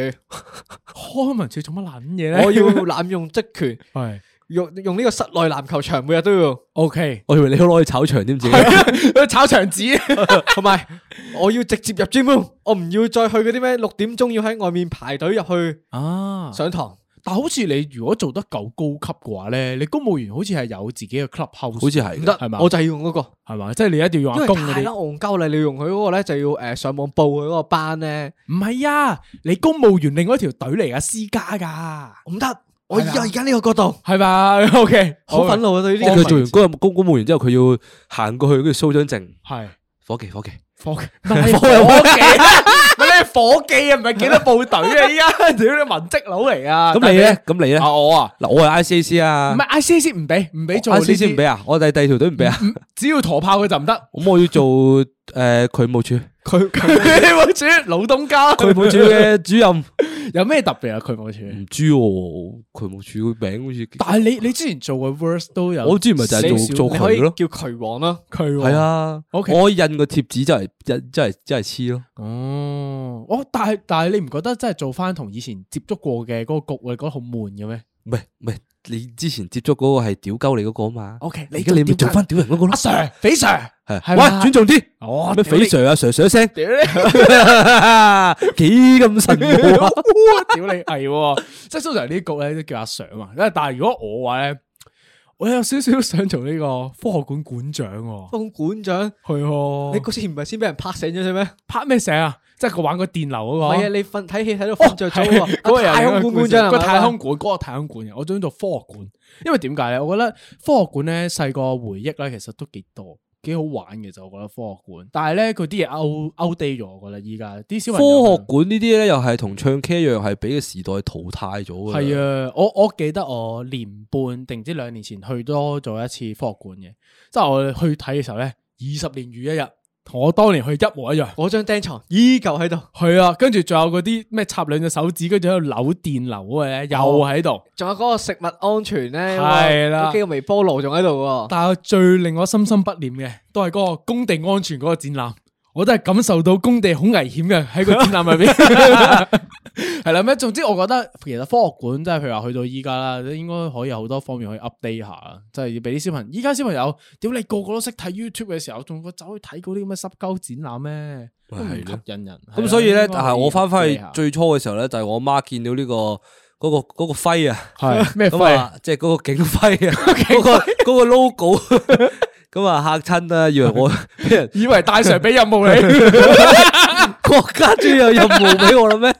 康文處做乜卵嘢咧？ 我要濫用職權，係 用用呢個室內籃球場，每日都要。O Okay , K，我以為你好攞去炒場，知唔知？去 炒場子，同 埋 我要直接入 gym room，我唔要再去嗰啲咩六點鐘要喺外面排隊入去上啊上堂。但好似你如果做得夠高級嘅話咧，你公務員好似係有自己嘅 clubhouse，好似係唔得係嘛？我就要用嗰個係嘛？即係你一定要用公嗰啲太啦戇鳩啦！你用佢嗰個咧就要誒上網報佢嗰個班咧？唔係啊！你公務員另外一條隊嚟啊，私家噶，唔得！我呀而家呢個角度係咪 OK，好憤怒啊，對呢個佢做完公公公務員之後，佢要行過去跟住 show 張證，係火氣火氣火氣火氣。火機 啊 呢，唔係幾多部隊啊，依家，屌你文職佬嚟啊！咁你咧？咁你咧？我啊，嗱我係、啊、I C A C 啊，唔係 I C A C 唔俾，唔俾做 I C A C 唔俾啊，我第第二條隊唔俾啊，只要陀炮佢就唔得，咁我要做。誒，渠務署，渠渠務署，老東家，渠務署嘅主任 有咩特別啊？渠務署，唔知喎、啊，渠務署嘅名好似。但係你你之前做嘅 verse 都有，我之前咪就係做小做渠他咯，叫渠王啦，渠係啊。啊 Okay. 我印個貼紙就係即即係即係黐咯。哦，我但係但係你唔覺得真係做翻同以前接觸過嘅嗰個局，你覺得好悶嘅咩？唔係唔係。嗯你之前接觸嗰個係屌鳩你嗰個啊嘛，O K，而家你咪做翻屌人嗰個咯，阿 Sir，匪 Sir，係，喂，尊重啲，哦，咩匪 Sir 啊，Sir，Sir 一聲，屌，幾咁神嘅，屌你係，即係通常呢局咧都叫阿 Sir 啊，但係如果我話咧。我有少少想做呢個科學館館長喎。科學館館長係，你嗰時唔係先俾人拍醒咗咩？拍咩醒啊？即係佢玩個電流嗰個。係啊，你瞓睇戲睇到瞓着咗。個太空館館長，個太空館嗰個太空館，我鍾意做科學館。因為點解咧？我覺得科學館咧細個回憶咧其實都幾多。幾好玩嘅就，我覺得科學館，但係咧佢啲嘢 out outdate 咗，我覺得依家啲小朋友、就是、科學館呢啲咧又係同唱 K 一樣，係俾個時代淘汰咗嘅。係啊，我我記得我年半定唔知兩年前去多咗一次科學館嘅，即係我去睇嘅時候咧，二十年如一日，同我當年去一模一樣，我張釘床依舊喺度，係啊，跟住仲有嗰啲咩插兩隻手指，跟住喺度扭電流嘅，又喺度，仲、哦、有嗰個食物安全咧，係啦、啊，幾個微波爐仲喺度，但係最令我心心不念嘅，都係嗰個工地安全嗰個展覽。我都係感受到工地好危險嘅，喺個展覽入邊係啦咩？總之我覺得其實科學館，即係譬如話去到依家啦，應該可以有好多方面可以 update 下，即係、就是、要俾啲小朋友，依家小朋友點你個個都識睇 YouTube 嘅時候，仲會走去睇嗰啲咁嘅濕鳩展覽咩？都唔吸引人。咁所以咧，但係我翻翻去最初嘅時候咧，就係、是、我媽見到呢、這個嗰、那個嗰、那個徽啊，係咩徽？即係嗰個警徽啊，嗰、 那個嗰、 那個 logo。 咁啊嚇親啦，以為我 以為大 Sir 俾任務你， 國家終於有任務俾我啦咩？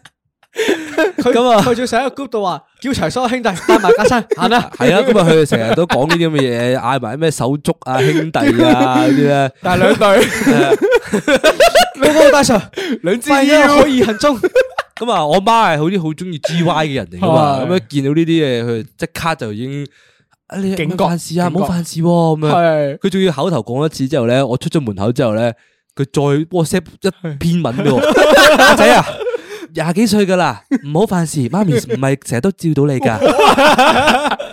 咁 啊，佢仲成一個 group 度話叫齊所有兄弟帶埋家親行啦。係啊，咁啊佢成日都講呢啲咁嘅嘢，嗌埋咩手足啊兄弟啊啲啊。帶兩對， 兩 你好大 Sir，兩支可以行中。咁 啊，我媽係好似好中意 G Y 嘅人嚟噶嘛，咁樣見到呢啲嘢，佢即刻就已經。啊、你唔好告犯事啊！唔好告犯事咁、啊、樣，佢仲的要口頭講一次之後咧，我出咗門口之後咧，佢再 WhatsApp 一篇文咯。阿仔的 啊，廿幾歲噶啦，唔好犯事，媽咪唔係成日都照到你噶。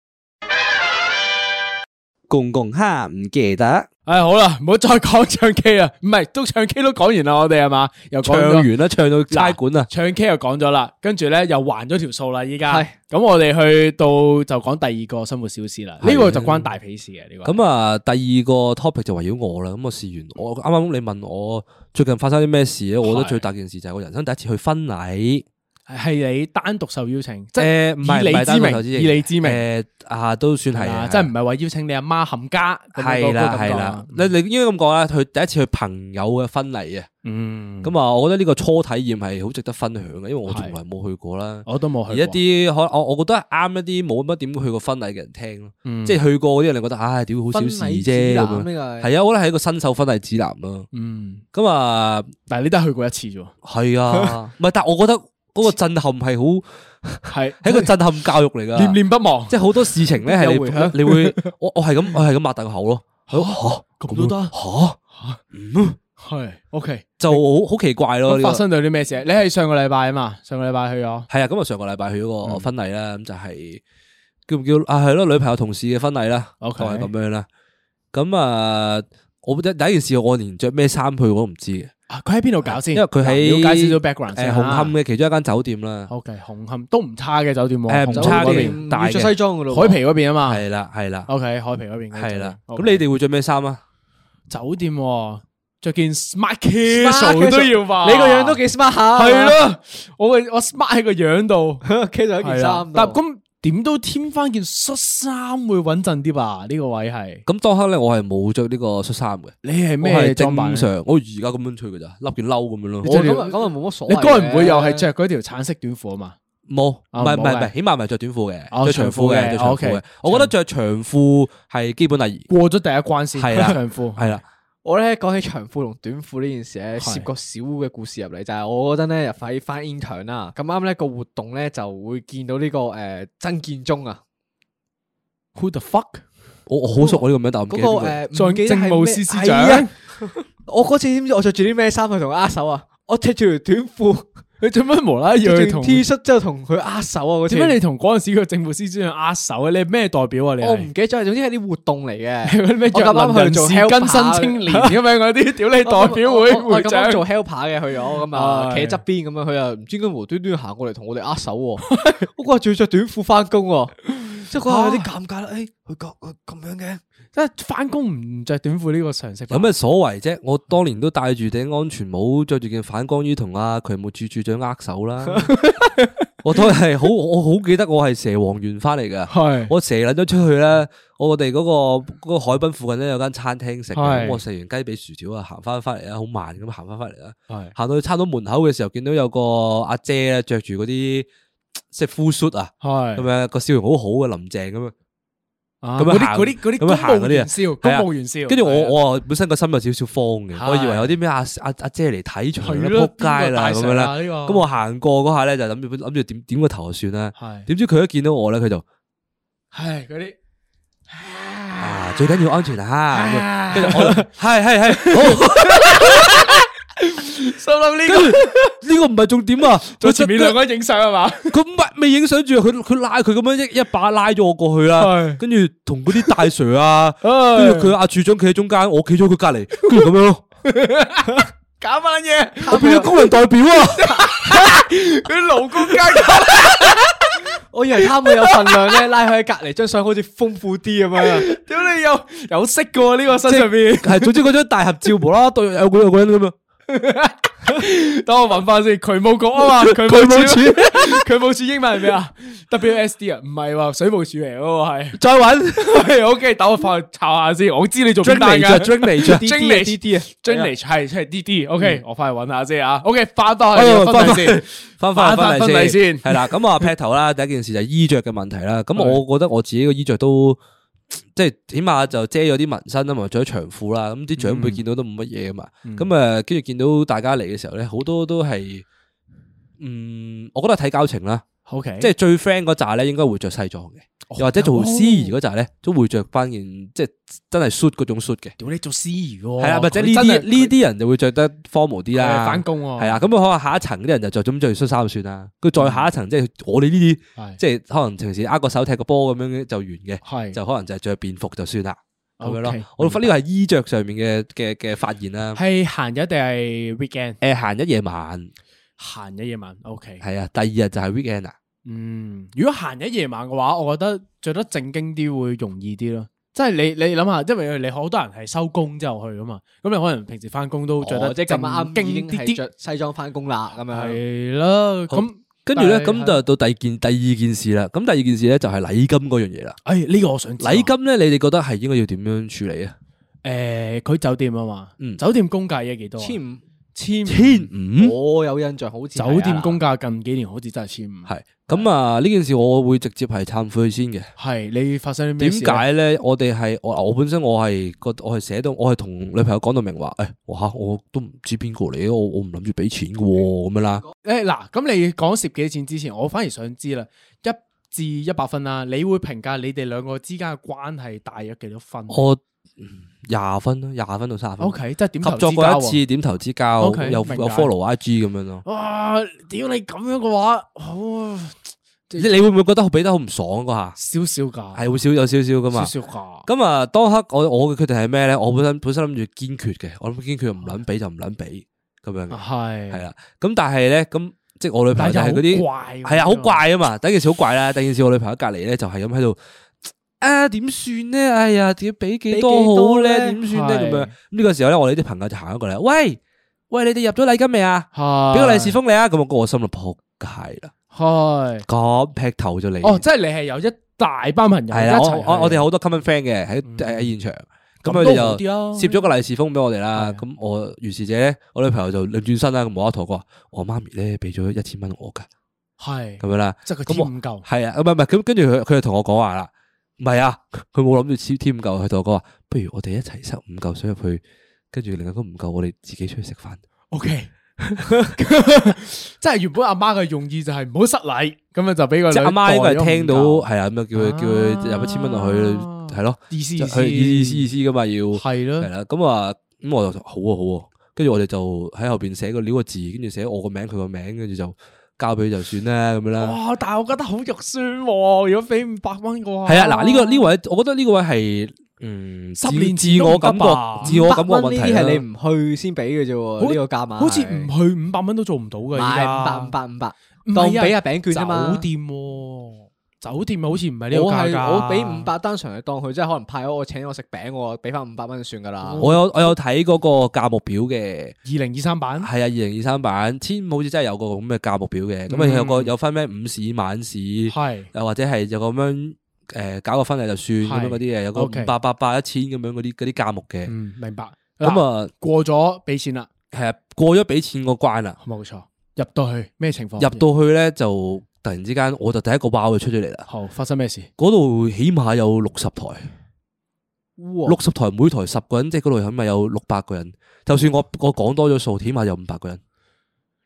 共共哈唔記得，唉、哎，好啦，唔好再講唱 K 啦，唔係都唱 K 都講完啦，我哋係嘛，又講完啦，唱到差館啦，唱 K 又講咗啦，跟住咧又還咗條數啦，依家咁我哋去到就講第二個生活小事啦，呢的個就關大脾事嘅呢、這個。咁啊第二個 topic 就圍繞我啦，咁我試完，我啱啱你問我最近發生啲咩事咧，的我覺得最大件事就係我人生第一次去婚禮。係你單獨受邀請，即係唔係以你之名，以你之名啊，都算係，即係唔係話邀請你阿媽冚家咁樣嗰個你你應該咁講啦，佢第一次去朋友嘅婚禮啊，嗯，咁啊，我覺得呢個初體驗係好值得分享嘅，因為我從來冇去過啦，我都冇去。而一啲可我我覺得啱一啲冇乜點去過婚禮嘅人聽，即係去過嗰啲人就覺得唉，點會好小事啫咁，係啊，我覺得係一個新手婚禮指南咯，嗯，咁啊，但係你都係去過一次啫喎，係啊，唔係，但係我覺得。嗰個震撼係好係一個震撼教育嚟噶，念念不忘。即係好多事情咧，係你會我我係咁我係咁擘大個口咯。好吓咁都得吓嗯係 OK 就好好奇怪咯。發生咗啲咩事？你係上個禮拜啊嘛？上個禮拜去咗係啊？咁啊上個禮拜去嗰個婚禮啦，咁就係叫唔叫啊？係咯，女朋友同事嘅婚禮啦。OK 係咁樣啦。咁啊，我第第一件事，我連着咩衫去我都唔知嘅。佢喺邊度搞先？因為佢喺介紹少少 background，誒，紅磡嘅其中一間酒店啦。O K，紅磡都唔差嘅酒店喎，酒店嗰邊，越着西裝嘅咯，海皮嗰邊啊嘛。係啦，係啦。O K，海皮嗰邊。係啦。咁你哋會着咩衫啊？酒店着件 smart casual，smart 都要吧？你個樣都幾 smart 下，係咯。我我 smart 喺個樣度，着咗件衫。但係咁。點都添翻件恤衫會穩陣啲吧？呢個位係咁，當刻咧我係冇着呢個恤衫嘅。你係咩裝扮？我而家咁樣穿噶咋，笠住褸咁樣咯。我咁咁啊，冇乜所謂。你該唔會又係着嗰條橙色短褲啊嘛？冇，唔係唔係唔係，起碼唔係着短褲嘅，着長褲嘅，着長褲嘅。我覺得着長褲係基本禮儀。過咗第一關先係啦，長褲係啦。我咧講起長褲同短褲呢件事咧，涉個是小嘅故事入嚟，就係、是、我嗰陣咧快啲翻 intern 啦，咁啱咧個活動咧就會見到呢、這個誒張、呃、建宗啊，Who the fuck？我我好熟我呢個名，但係唔記得誒。在、呃、政務司司長，哎、呀 我嗰次知唔知我着住啲咩衫去同握手啊？我着住條短褲。 你做乜無啦啦要同 T 恤，即係同佢握手啊！做咩？你同嗰陣時個政府司長握手？啊？你係咩代表啊？你我唔記得咗。總之係啲活動嚟嘅。咩？我諗臨做？跟新青年咁樣，我啲屌你代表會會長做 helper 嘅，佢有咁啊，企喺側邊咁啊，佢又唔知點解無端端行過嚟同我哋握手喎。我話仲要着短褲翻工啊，即係佢話有啲尷尬啦。誒，佢咁佢咁樣嘅。即係翻工唔着短褲，呢個常識，有咩所謂啫？我當年都戴住頂安全帽，着住件反光衣，同阿渠務處處長握手啦。 我都係好，我好記得我係蛇王員翻嚟嘅。係是我蛇捻咗出去咧，我哋嗰個個海濱附近咧有間餐廳食，咁是我食完雞髀薯條啊，行翻翻嚟啦，好慢咁行翻翻嚟啦。係行是到去差到門口嘅時候，見到有個阿姐咧，着住嗰啲即係 full suit 啊，咁樣是個笑容好好嘅，林鄭咁樣。咁樣啲，嗰啲，咁行嗰啲，咁報元宵，咁報元宵。跟住我，我啊本身個心有少少慌嘅，我以為有啲咩阿阿阿姐嚟睇場扑街啦咁樣啦。咁我行過嗰下咧，就諗住諗住點點個頭就算啦。點知佢一見到我咧，佢就係嗰啲啊，最緊要安全啊！吓，跟住我，係係係。收啦，呢個呢個唔係重點啊！就前面兩個人影相啊嘛？佢唔係未影相住，佢佢拉佢咁樣一一把拉咗我過去啦。跟住同嗰啲大 sir 啊，跟住佢阿處長企喺中間，我企咗佢隔籬，跟住咁樣咯。咁嘅嘢，我變咗工人代表啊！佢勞工階級。我以為他會有份量咧，拉佢喺隔籬，張相好似豐富啲咁樣。屌你有有色噶呢個身上邊？係，總之嗰張大合照無啦，對有兩個人咁樣。等我揾翻先，渠務局啊嘛，渠務處，渠務處英文係咩啊？W S D 啊，唔係話水務署嚟嗰個係。再揾，OK，等我翻去查下先。我知你做咩噶 j e n n d d j D D。OK，我翻去下先啊。OK，翻翻翻翻翻翻翻嚟先。係啦，咁啊，劈頭啦，第一件事就係衣着嘅問題啦。咁我覺得我自己個衣着都。即係起碼就遮咗啲紋身啊嘛，着咗長褲啦，咁啲長輩見到都冇乜嘢啊嘛，咁啊，跟住見到大家嚟嘅時候咧，好多都係，嗯，我覺得睇交情啦。O K，即係最 friend 嗰扎咧，應該會着西裝嘅，又或者做司儀嗰扎咧，都會着翻件即係真係 suit 嗰種 suit 嘅。屌你做司儀喎，係啊，或者呢啲呢啲人就會着得 formal 啲啦。返工喎，係啊，咁啊，可能下一層啲人就着咁着恤衫算啦。佢再下一層，即係我哋呢啲，即係可能平時握個手踢個波咁樣就完嘅，就可能就係着便服就算啦，咁樣咯。我諗呢個係衣着上面嘅嘅嘅發言啦。係閒日定係 weekend？誒，閒日夜晚，閒日夜晚。O K，係啊，第二日就係 weekend 啊。嗯，如果行一夜晚嘅話，我覺得着得正經啲會容易啲咯。即係你你諗下，因為你好多人係收工之後去啊嘛，咁你可能平時翻工都着得咁啱，哦、即已經係着西裝翻工啦。咁是樣係啦。咁跟住咧，咁就到第二件第二件事啦。咁第二件事咧就係禮金嗰樣嘢啦。哎，呢、這個我想禮金咧，你哋覺得係應該要點樣處理啊？誒、嗯，佢酒店啊嘛、嗯，酒店公價嘢幾多？嗯千千五，我有印象，好似酒店公價近幾年好似真係千五。係咁啊，呢是件事我會直接係懺悔先嘅。係你發生啲咩事？點解咧？ 我哋係我，我本身我係個，我係寫到，我係同女朋友講到明話，誒、哎，吓，我都唔知邊個嚟，我我唔諗住俾錢嘅喎、哦，咁樣啦。誒、嗯，嗱，咁你講蝕幾多錢之前，我反而想知啦，一至一百分啊，你會評價你哋兩個之間嘅關係大約幾多分？我。廿分咯，廿分到三十分。O K，即係合作過一次點投資交有又 follow I G 咁樣咯。哇，屌你咁樣嘅話，你你會唔會覺得俾得好唔爽嗰下？少少噶係會少有少少噶嘛。咁啊，當刻我我嘅決定係咩咧？我本身本身諗住堅決嘅，我諗堅決唔捻俾就唔捻俾咁樣。係係啦，咁但係咧，咁即係我女朋友就係嗰啲係啊，好怪啊嘛。第一件事好怪啦，第二件事我女朋友隔籬咧就係咁喺度。.啊點算咧？哎呀，點俾幾多好咧？點算咧？咁樣呢個時候咧，我哋啲朋友就行咗過嚟，喂喂，你哋入咗禮金未啊？係，俾個利是封你啊！咁啊，我心就撲街啦。係咁劈頭咗你哦，即係你係有一大班朋友係一齊，我哋好多 common friend 嘅喺喺現場，咁佢哋就攝咗個利是封俾我哋啦。咁我如是者，我女朋友就擰轉身啦，無話佗我話，我媽咪咧俾咗一千蚊我噶，係咁樣啦，即係咁唔夠，係啊，唔係唔係，咁跟住佢佢就同我講話啦。唔係啊，佢冇諗住添添五嚿，佢同我講話，不如我哋一齊塞五嚿水入去，跟住另外嗰唔夠，我哋自己出去食飯。OK，即係原本阿媽嘅用意就係唔好失禮，咁啊就俾個。即係阿媽應該聽到，係啊咁啊，叫佢叫佢入一千蚊落去，係、啊、咯，意思意思意思意思噶嘛，要係的咯，係啦，咁啊，咁我就好啊好啊，跟住、啊、我哋就喺後邊寫個料個字，跟住寫我個名佢個名，跟住就，就。交俾佢就算啦，咁樣啦。哇！但係我覺得好肉酸，如果俾五百蚊嘅話係啊，嗱呢個呢位，我覺得呢個位係嗯，十年自我感覺，自我感覺問題係你唔去先俾嘅啫，呢個價碼，好似唔去五百蚊都做唔到嘅，五百五百五百，當俾下餅券啊嘛，酒店、啊。酒店好似唔係呢個價噶，我俾五百，單純係當佢即係可能派咗我請我食餅，我俾翻五百蚊就算噶啦。我有我有睇嗰個價目表嘅，二零二三版係啊，二零二三版，千五好似真係有個咁嘅價目表嘅，咁啊有個有分咩午市、晚市，係又或者係有咁樣誒搞個分禮就算咁樣嗰啲嘢，有個五百、八百、一千咁樣嗰啲嗰啲價目嘅。明白。咁啊過咗俾錢啦，係啊過咗俾錢個關啦，冇錯，入到去咩情況？入到去咧就。突然之間，我就第一個包、wow、就出咗嚟啦。好，發生咩事？嗰度起碼有六十台，六十哇台，每台十個人，即係嗰度起碼有六百個人。就算我我講多咗數，起碼有五百個人。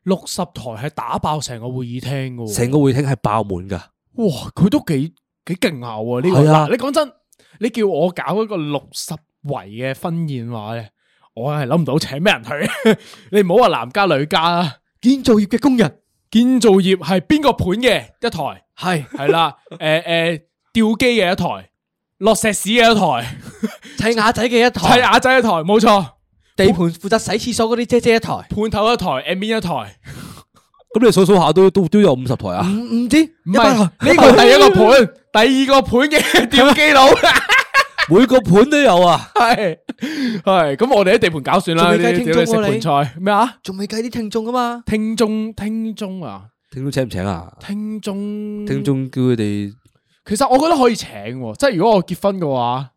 六十台係打爆成個會議廳噶，成個會議廳係爆滿噶。哇！佢都幾幾勁下喎？呢、這個、啊、你講真，你叫我搞一個六十圍嘅婚宴話咧，我係諗唔到請咩人去。 你唔好話男家女家啦，建造業嘅工人。建造業係邊個盤嘅一台？係係啦，誒、欸、誒、呃，吊機嘅一台，落石屎嘅一台， 砌瓦仔嘅一台，砌瓦仔一台，冇錯。地盤負責洗廁所嗰啲姐姐一台，判頭一台，M 一台。咁你數數下都，都都都有五十台啊？唔唔、嗯、知，唔係呢個第一個盤， 第二個盤嘅吊機佬。 每個盤都有啊，係係，咁我哋喺地盤搞算啦，食啲盤菜咩啊？仲未計啲聽眾㗎嘛？聽眾聽眾啊？聽眾請唔請啊？聽眾，聽眾叫佢哋，其實我覺得可以請，即係如果我結婚嘅話。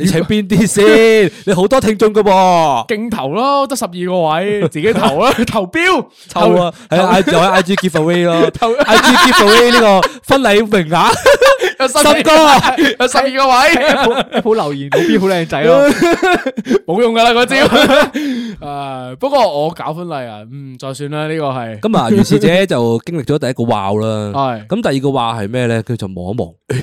你請邊啲先？你好多聽眾噶噃，鏡頭咯，得十二個位，自己投啦，投標，抽頭啊，喺、啊啊、IG 係 give away 咯，IG give away 呢個婚禮名額有十，啊、有十二有個位，好是留言，冇好靚仔咯、啊，冇 用噶啦，嗰招、啊。誒，不過我搞婚禮啊，嗯，再算啦，呢、這個係。咁啊，於是者就經歷咗第一個話、wow、啦，係是。咁第二個話係咩咧？叫做望一望，哎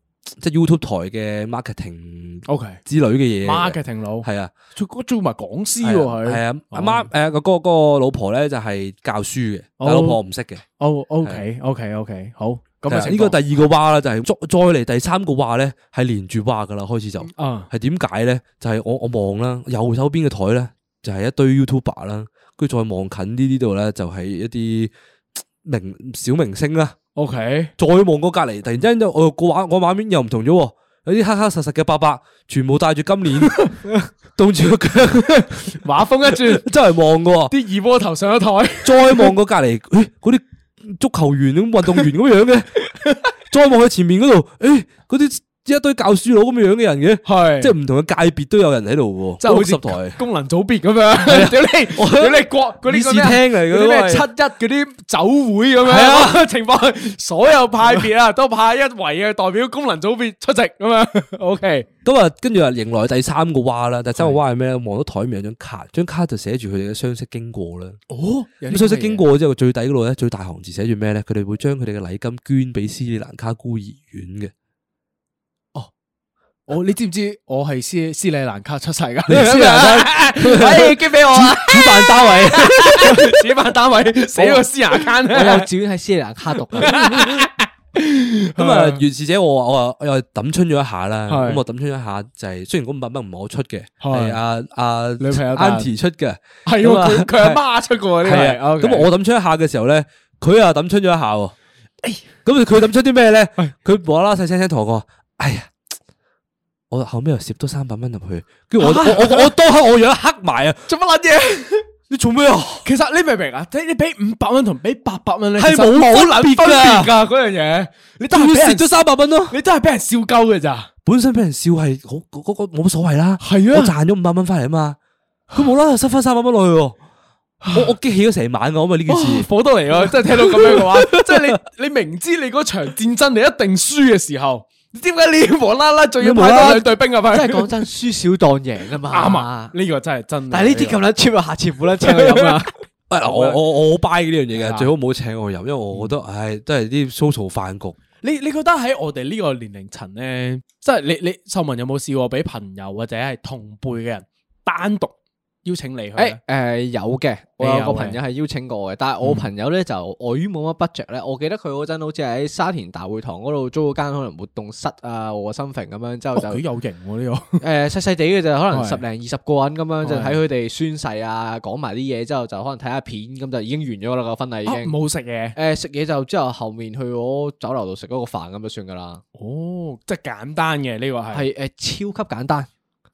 即係 YouTube 台嘅 marketing，O Okay , K，之類嘅嘢。marketing 佬人係啊，做埋講師喎，佢係啊。阿媽誒，個嗰、那個老婆咧就係、是、教書嘅，哦、但係老婆我唔識嘅。O O K O K O K，好咁啊。呢個第二個話啦，就係、是、再嚟第三個話咧，係連住話噶啦，開始就啊，係點解咧？就係、是、我我望啦，右手邊嘅台咧就係一堆 YouTuber 啦，跟住再望近啲呢度咧就係一啲明小明星啦。O Okay . K，再望過隔籬，突然間就我個畫個畫面又唔同咗，有啲黑黑實實嘅伯伯，全部戴住金鏈，凍住個腳，畫風一轉真係望過，啲二鍋頭上咗台，再望過隔籬，誒、欸，嗰啲足球員咁運動員咁樣嘅， 再望去前面嗰度，誒、欸，嗰啲。一堆教書佬咁樣嘅人嘅，係即係唔同嘅界別都有人喺度嘅，即係好似台功能組別咁樣，小利小利國嗰啲咩七一嗰啲酒會咁樣，係啊情況，所有派別啊都派一圍啊代表功能組別出席咁樣。OK，咁啊，跟住啊迎來第三個蛙啦，第三個蛙係咩？望到台面有張卡，張卡就寫住佢哋嘅相識經過啦。哦，相識經過之後最底嗰度咧，最大行字寫住咩咧？佢哋會將佢哋嘅禮金捐俾斯里蘭卡孤兒院嘅。我你知唔知我係斯斯里蘭卡出世噶？你係斯里蘭卡，喂，寄俾我啊！主辦單位，主辦單位，寫個斯里蘭卡，我又至於喺斯里蘭卡讀。咁啊，元始者，我我我又抌春咗一下啦。咁我抌春一下就係，雖然嗰五百蚊唔係我出嘅，係阿阿女朋友 aunty 出嘅，係啊，佢阿媽出過啲嘢。咁我抌春一下嘅時候咧，佢又抌春咗一下喎。咁佢抌出啲咩咧？佢無啦啦細聲聲同我講，哎呀～我後屘又攝咗三百蚊入去，跟住我我我當刻我樣黑埋啊！做乜撚嘢？你做咩啊？其實你明唔明啊？你你俾五百蚊同俾八百蚊你係冇冇諗分別噶嗰樣嘢。你單蝕咗三百蚊咯，你真係俾人笑鳩嘅咋？本身俾人笑係好嗰個冇所謂啦，係啊，我賺咗五百蚊翻嚟啊嘛，佢冇啦，塞翻三百蚊落去。我我激氣咗成晚噶，我咪呢件事火到嚟咯，真係聽到咁樣嘅話，即係你你明知你嗰場戰爭你一定輸嘅時候。點解你無啦啦仲要派多兩隊兵啊？真係講真，輸少當贏啊嘛！啱啊，呢個真係真。但係呢啲咁樣 cheap，下次冇啦，請我飲啊！我我我好 buy 呢樣嘢嘅，最好唔好請我飲，因為我覺得唉，真係啲 social 飯局。你你覺得喺我哋呢個年齡層咧，即係你你，你秀文有冇試過俾朋友或者係同輩嘅人單獨？邀請你去？誒，有嘅，我有個朋友係邀請過嘅，但係我朋友咧就礙於冇乜 budget 咧。我記得佢嗰陣好似喺沙田大會堂嗰度租咗間可能活動室啊，or something 咁樣，之後就幾有型喎呢個。誒，細細地嘅就可能十零二十個人咁樣就睇佢哋宣誓啊，講埋啲嘢之後就可能睇下片咁就已經完咗啦個婚禮已經。冇食嘢？誒，食嘢就之後後面去我酒樓度食嗰個飯咁就算噶啦。哦，即係簡單嘅呢個係係，誒，超級簡單。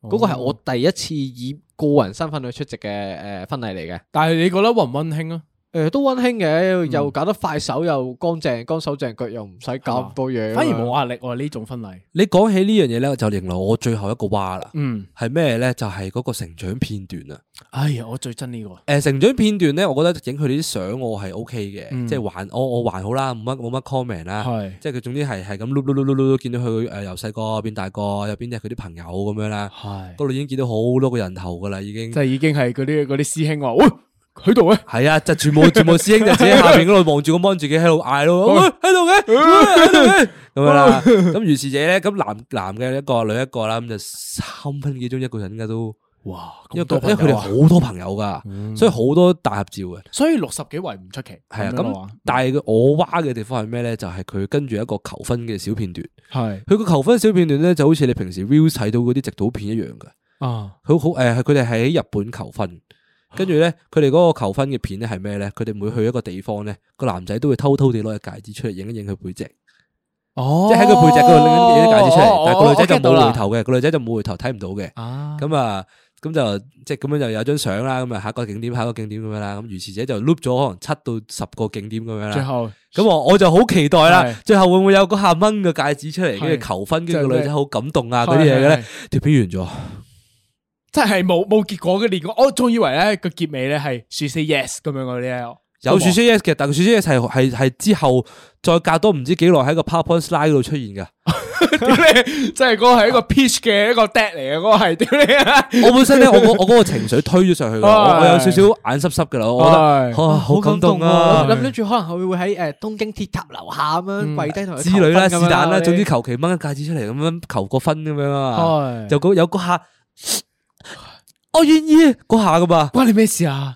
嗰個係我第一次以。個人身份去出席嘅誒婚禮嚟嘅，呃、但係你覺得溫唔溫馨啊？誒，都溫馨嘅，又搞得快手又乾淨，乾手淨腳又唔使搞咁多嘢，反而冇壓力。呢種婚禮，你講起呢樣嘢呢，就迎來我最後一個話啦。嗯，係咩呢？就係嗰個成長片段啊！哎呀，我最憎呢個。誒，成長片段呢，我覺得影佢啲相我係 O K 嘅，即係還我我還好啦，冇乜冇乜 comment 啦。即係佢，總之係係咁碌碌碌碌碌碌，見到佢誒由細個變大個，有邊啲佢啲朋友咁樣啦。嗰度已經見到好多個人頭噶啦，已經即係已經係嗰啲嗰啲師兄話。喺度嘅係啊，就全部全部師兄就自己下邊嗰度望住咁 mon 自己喺度嗌咯，喺度嘅，咁樣啦。咁如是者咧，咁男男嘅一,一個，女一個啦，咁就三分幾鐘一個人應該都哇，因為佢哋好多朋友噶，友嗯、所以好多大合照嘅，所以六十幾圍唔出奇係啊。咁但係我哇嘅地方係咩咧？就係、是、佢跟住一個求婚嘅小片段，係佢個求婚小片段咧，就好似你平時 view 睇到嗰啲直圖片一樣嘅啊。好好誒，佢哋喺日本求婚。跟住咧，佢哋嗰個求婚嘅片咧係咩咧？佢哋每去一個地方咧，個男仔都會偷偷地攞個戒指出嚟影一影佢背脊。哦，即係喺佢背脊度拎啲戒指出嚟，但係個女仔就冇回頭嘅，個女仔就冇回頭睇唔到嘅。啊，咁啊，咁就即係咁樣就有張相啦。咁啊，下一個景點，下一個景點咁樣啦。咁如是者就 loop 咗可能七到十個景點咁樣啦。最後，咁我我就好期待啦。最後會唔會有個下蚊嘅戒指出嚟，跟住求婚，跟住個女仔好感動啊嗰啲嘢嘅咧？條片完咗。真係冇冇結果嘅連我，我仲以為咧個結尾咧係 she say yes 咁樣嗰啲咧，有 she say yes 嘅，但係 she say yes 係係係之後再隔多唔知幾耐喺個 powerpoint slide 嗰度出現嘅，點咧，即係嗰個係一個 pitch 嘅一個 dead 嚟嘅，嗰個係點咧？我本身咧，我我嗰個情緒推咗上去，我有少少眼濕濕嘅啦，我覺得好感動啊！咁跟住可能佢會喺誒東京鐵塔樓下咁樣跪低同佢之旅啦，是但啦，總之求其掹一戒指出嚟咁樣求個婚咁樣啊，就個有嗰下。我願意嗰下噶嘛？關你咩事啊？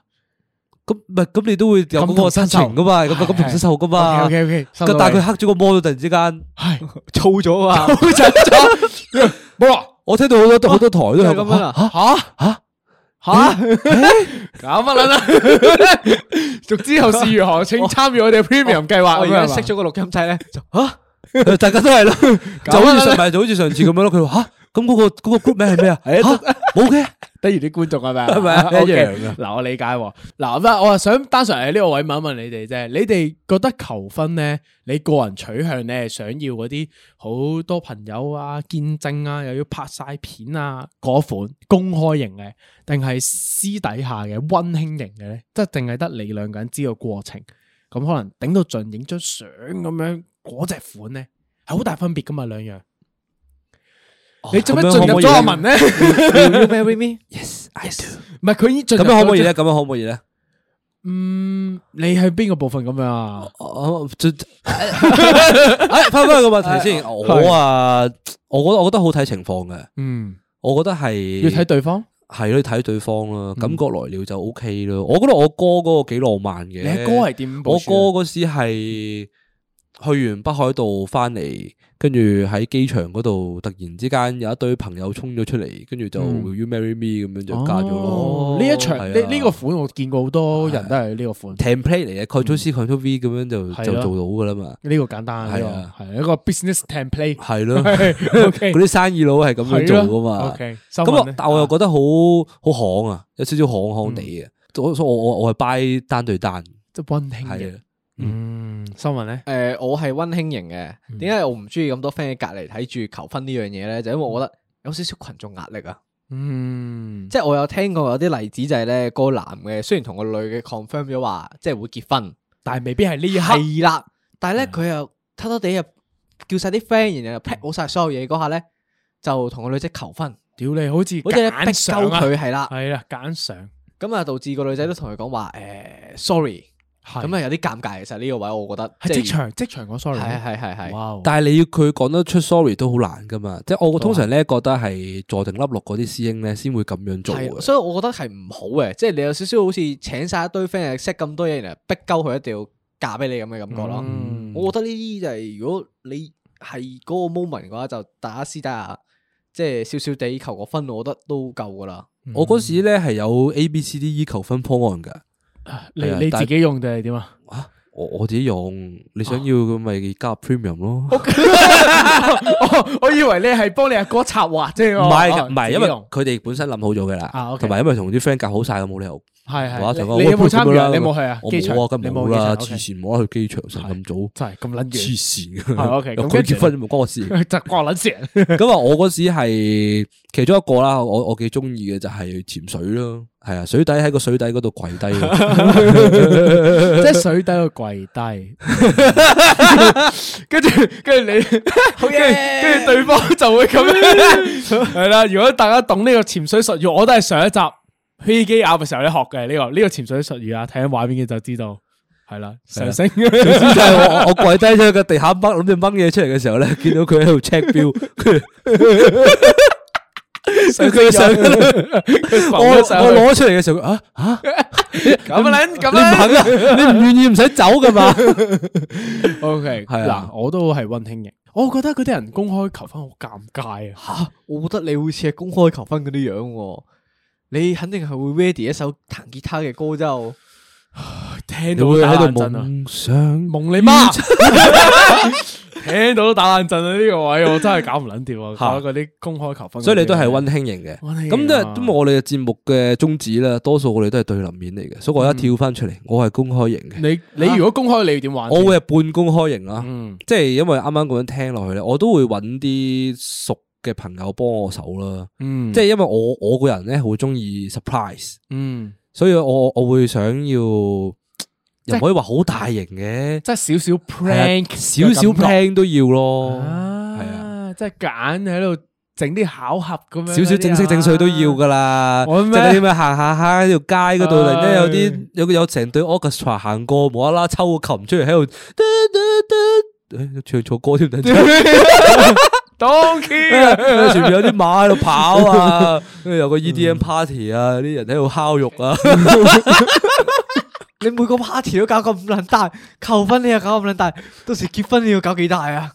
咁咪咁你都會有咁多生銹噶嘛？咁咁同生銹噶嘛？O K O K。但係佢黑咗個膜，突然之間係燥咗啊！好震咗。我我聽到好多好多台都係咁樣啊！吓吓吓！搞乜撚啊？續之後事如何？請參與我哋 Premium 計劃。我而家熄咗個錄音掣咧，就吓，大家都係咯，就好似上咪就好似上次咁樣咯。佢話吓。咁嗰個嗰個 group 名係咩啊？吓，冇嘅？OK，等於啲觀眾係咪啊？係咪一樣啊。嗱，我理解啊。嗱，我我想單純喺呢個位問一問你哋啫。你哋覺得求婚咧，你個人取向，你係想要嗰啲好多朋友啊見證啊，又要拍晒片啊嗰款公開型嘅，定係私底下嘅溫馨型嘅咧？即係淨係得你兩個人知個過程，咁可能頂到盡影張相咁樣嗰隻款咧，係好大分別噶嘛，兩樣。你做乜進入咗阿文咧？Do you marry me？Yes, I do。唔係佢已進入咗嘢咧，咁樣可唔可以咧？嗯，你係邊個部分咁樣啊？我進誒，拋返個問題先。我啊，我覺得，我覺得好睇情況嘅。嗯，我覺得係要睇對方，係咯，要睇對方咯。感覺來了就 OK 咯。我覺得我歌嗰個幾浪漫嘅。你歌係點？我歌嗰時係。去完北海道翻嚟，跟住喺機場嗰度，突然之間有一堆朋友衝咗出嚟，跟住就 Will you marry me 咁樣就嫁咗咯。呢一場呢，呢個款，我見過好多人都係呢個款 template 嚟嘅 Ctrl C Ctrl V 咁樣就就做到噶啦嘛。呢個簡單係啊，係一個 business template 係咯，嗰啲生意佬係咁樣做噶嘛。咁但我又覺得好好行啊，有少少行行地嘅。所我我我係 buy 單對單，即係溫馨嘅。嗯，新聞咧？誒、呃，我係温馨型嘅。點解、嗯、我唔中意咁多 friend 喺隔籬睇住求婚呢樣嘢咧？就因為我覺得有少少群眾壓力啊。嗯，即係我有聽過有啲例子，就係咧個男嘅雖然同個女嘅 confirm 咗話，即係會結婚，但係未必係呢一刻。係啦、嗯，但係咧佢又偷偷地又叫晒啲 friend，然後劈好晒所有嘢嗰下咧，就同個女仔求婚。屌你、嗯、好似好似揀上佢係啦，係啦揀上。咁啊，導致、嗯嗯、個女仔都同佢講話誒，sorry。咁啊，有啲尷尬，其實呢個位，我覺得喺職場職場講 sorry，係係係係，但係你要佢講得出 sorry 都好難噶嘛，是即係我通常咧覺得係坐定笠落嗰啲師兄咧先會咁樣做，所以我覺得係唔好嘅。即係你有少少好似請晒一堆 friend set 咁多嘢，嚟逼鳩佢一定要嫁俾你咁嘅感覺咯。嗯、我覺得呢啲就係、是、如果你係嗰個 moment 嘅話，就大家私底下即係少少地求個分，我覺得都夠噶啦。嗯、我嗰時咧係有 A B C D E 求分方案嘅。你你自己用定係點啊？啊，我我自己用，你想要咁咪加 premium 咯。我以為你係幫你阿哥策劃啫，唔係唔係，因為佢哋本身諗好咗噶啦，同埋因為同啲 friend 夾好晒，我冇理由。係係，話你有冇參與啊，你冇去啊？我冇啊，咁冇啦，黐線，我去機場咁早，真係咁卵嘅。黐線。係 OK，咁佢結婚冇關我事，真係關我卵事。咁啊，我嗰時係其中一個啦，我我幾中意嘅就係潛水咯。係啊，水底喺個水底嗰度跪， 跪低，即係水底度跪低，跟住跟住你，跟住跟住對方就會咁樣，係 啦。如果大家懂呢個潛水術語，我都係上一集飛機鴨嘅時候咧學嘅呢個呢個潛水術語啊，睇下畫面嘅就知道，係啦，啦上升。就 係 我我，我跪低咗個地下掹攞隻掹嘢出嚟嘅時候咧，見到佢喺度 check 表。 佢佢上我攞出嚟嘅時候，啊啊咁啊捻咁啊， 你唔願、啊、 意唔使走噶嘛？O K 係嗱，我都係溫馨嘅。我覺得嗰啲人公開求婚好尷尬啊！吓、啊，我覺得你好似係公開求婚嗰啲樣、啊，你肯定係會 ready 一首彈吉他嘅歌之後， 聽到喺度夢想夢你媽。 聽到都打冷震啊！呢、呢個位我真係搞唔捻跳啊！ 是搞嗰啲公開求婚，所以你都係溫馨型嘅。咁都係咁我哋嘅節目嘅宗旨咧，多數我哋都係對立面嚟嘅。所以我一跳翻出嚟，嗯、我係公開型嘅。你你如果公開，你點玩？我會係半公開型啦，嗯、即係因為啱啱咁樣聽落去咧，我都會揾啲熟嘅朋友幫我手啦。嗯，即係因為我我個人咧好中意 surprise，嗯，所以我我會想要。又唔可以話好大型嘅，即係少少 prank，少少 plan 都要咯。係啊，即係揀喺度整啲巧合咁樣，少少正式正衰都要噶啦。即係點啊，行下下條街嗰度，嚟，突然間有啲有有成隊 orchestra 行過，無啦啦抽個琴出嚟喺度，誒，唱錯歌添，當 key 啊！前面有啲馬喺度跑啊，跟住有個 EDM party 啊，啲人喺度烤肉啊。你每個 party 都搞個五輪大，求婚你又搞個五輪大，到時結婚你要搞幾大啊？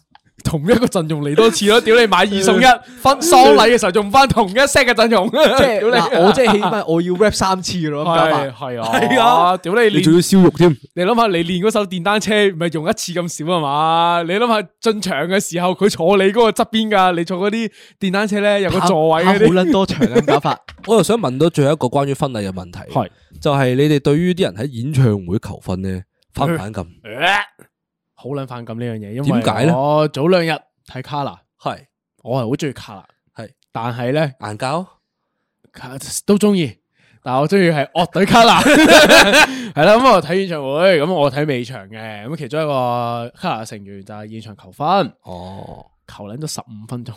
同一個陣容嚟多次咯，屌你 買二送一，婚喪禮嘅時候仲唔翻同一 set 嘅陣容。即係嗱，我即係起碼我要 rap 三次咯。係 啊，係 啊，屌你！你仲要燒肉添？你諗下，你練嗰首電單車唔係用一次咁少啊嘛？ 你諗下進場嘅時候，佢坐你嗰個側邊噶，你坐嗰啲電單車咧有個座位嗰啲。好撚多場嘅搞法。 我又想問到最後一個關於婚禮嘅問題，係是就係你哋對於啲人喺演唱會求婚咧，反唔反,反感,感？ 好撚反感呢樣嘢，因為點解咧？我早兩日睇卡啦，係我係好中意卡啦，係，但係咧，顏狗卡都中意，但係我中意係樂隊卡啦，係啦，咁我睇演唱會，咁我睇尾場嘅咁其中一個卡啦嘅成員就係現場求婚，哦，求捻咗十五分鐘，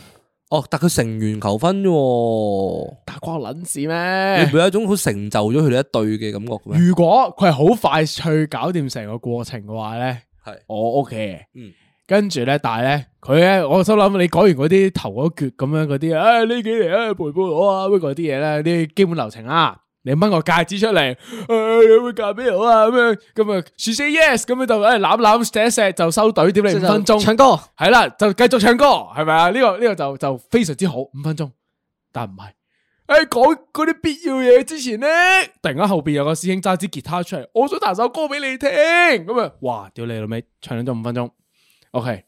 哦，但佢成員求婚啫、哦，但係關我卵事咩？會唔會有一種好成就咗佢哋一對嘅感覺咩？如果佢係好快脆搞掂成個過程嘅話咧？係我屋 k 嗯，跟住咧，但係咧，佢咧，我心諗你講完嗰啲頭嗰橛咁樣嗰啲啊，誒，呢幾年咧陪伴我啊，呢個啲嘢咧，啲基本流程啊，你掹個戒指出嚟，誒、哎，你會嫁俾我啊，咁樣咁啊，說 say yes，咁樣就誒攬攬錫錫就收隊點，你五分鐘唱歌，係啦，就繼續唱歌，係咪啊？呢、這個呢、這個就就非常之好，五分鐘，但唔係。喺講嗰啲必要嘢之前咧，突然間後邊有個師兄揸支吉他出嚟，我想彈首歌俾你聽。咁啊，哇！屌你老味，唱咗五分鐘。OK，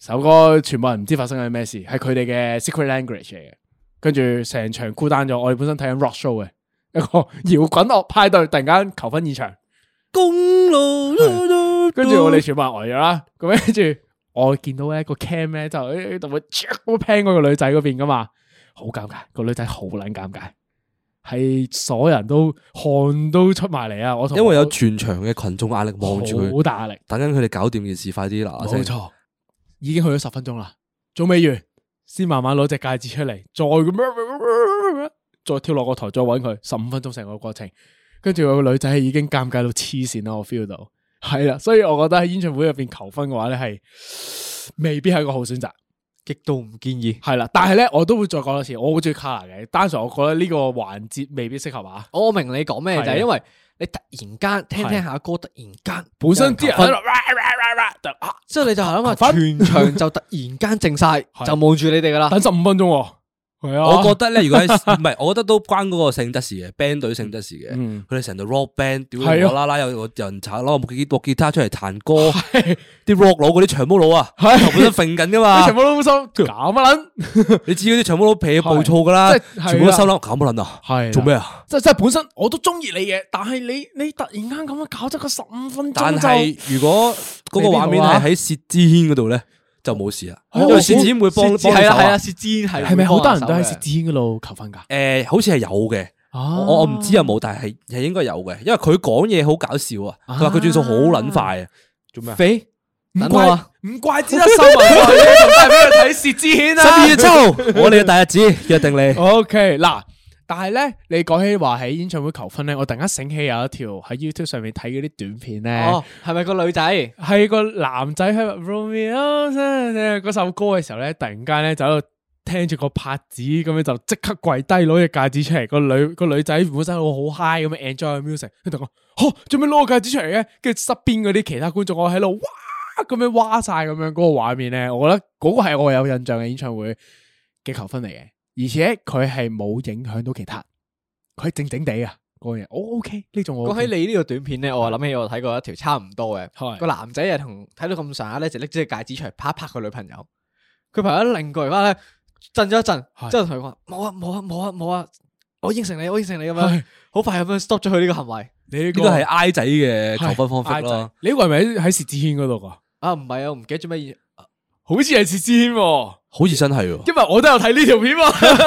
首歌全部人唔知發生緊咩事，係佢哋嘅 secret language 嚟嘅。跟住成場孤單咗，我哋本身睇緊 rock show 嘅，一個搖滾樂派對，突然間求婚現場。公路，跟住我哋全部人呆、呃、咗啦。咁跟住我見到咧、那個 cam 咧就誒同我聽嗰個女仔嗰邊㗎嘛。好尷尬，個女仔好撚尷尬，係所有人都汗都出埋嚟啊！我同因為有全場嘅群眾壓力望住佢，好大壓力。等緊佢哋搞掂件事快，快啲啦！冇錯，已經去咗十分鐘啦，仲未完，先慢慢攞隻戒指出嚟，再咁樣，再跳落個台再，再搵佢十五分鐘成個過程，跟住個女仔已經尷尬到黐線啦！我 feel 到，係啦，所以我覺得喺演唱會入邊求婚嘅話咧，係未必係一個好選擇。極度唔建議，係啦，但係咧，我都會再講多次，我好中意卡啦嘅。單純我覺得呢個環節未必適合啊。我明你講咩就係因為你突然間是的 聽聽下歌，啊啊、的突然間本身啲人喺度，之、啊啊啊、後你就諗下，全場就突然間靜晒， 就望住你哋噶啦，等十五分鐘、啊。 我覺得咧，如果唔係，我覺得都關嗰個性質事嘅，band 隊性質事嘅，佢哋成日 rock band，屌你無啦啦有個人炒攞個吉，個吉他出嚟彈歌，啲 rock 佬嗰啲長毛佬啊，頭本身揈緊噶嘛，長毛佬心諗搞乜捻， 你知嗰啲長毛佬脾暴躁噶啦，就是、全部都心諗搞乜捻啊，係做咩啊？即係即係本身我都中意你嘅，但係你你突然間咁樣搞咗個十五分鐘，但係如果嗰個畫面係喺薛之謙嗰度咧？就冇事啦，因為薛之謙會幫幫手啊！係啊係啊，薛之謙係係咪好多人都喺薛之謙嘅路求婚噶？誒，好似係有嘅，我我唔知有冇，但係係應該有嘅，因為佢講嘢好搞笑啊！佢話佢轉數好撚快啊！做咩啊？肥唔怪唔怪之得收埋啊！睇薛之謙啊！十二月七號，我哋嘅大日子，約定你。O K 嗱。但係咧，你講起話喺演唱會求婚咧，我突然間醒起有一條喺 YouTube 上面睇嗰啲短片咧，係咪、哦、個女仔？係個男仔喺 Romeo 嗰首歌嘅時候咧，突然間咧就喺度聽住個拍子咁樣就即刻跪低攞隻戒指出嚟。個女個女仔本身好好 high 咁樣 enjoy music，佢同我：，嗬、啊，做咩攞個戒指出嚟嘅？跟住側邊嗰啲其他觀眾，我喺度哇咁樣哇晒咁樣嗰、那個畫面咧，我覺得嗰個係我有印象嘅演唱會嘅求婚嚟嘅。而且佢係冇影響到其他，佢靜靜地啊，嗰、那個人、okay, 我 OK 呢種。講起你呢個短片咧，是的 我啊諗起我睇過一條差唔多嘅，是的 個男仔啊同睇到咁上下咧，就拎咗隻戒指出嚟拍一拍佢女朋友，佢朋友一擰過嚟翻震咗一震，之是的 後同佢話冇啊冇啊冇啊冇啊，啊，我應承你，我應承你咁是的 樣，好快咁樣 stop 咗佢呢個行為。你都、這、係、個、I 仔嘅求婚方法咯。你以為咪喺薛之謙嗰度噶？啊唔係啊，我唔記得咗咩嘢。好似係薛之謙，好似真係、啊，因為我都有睇呢條片，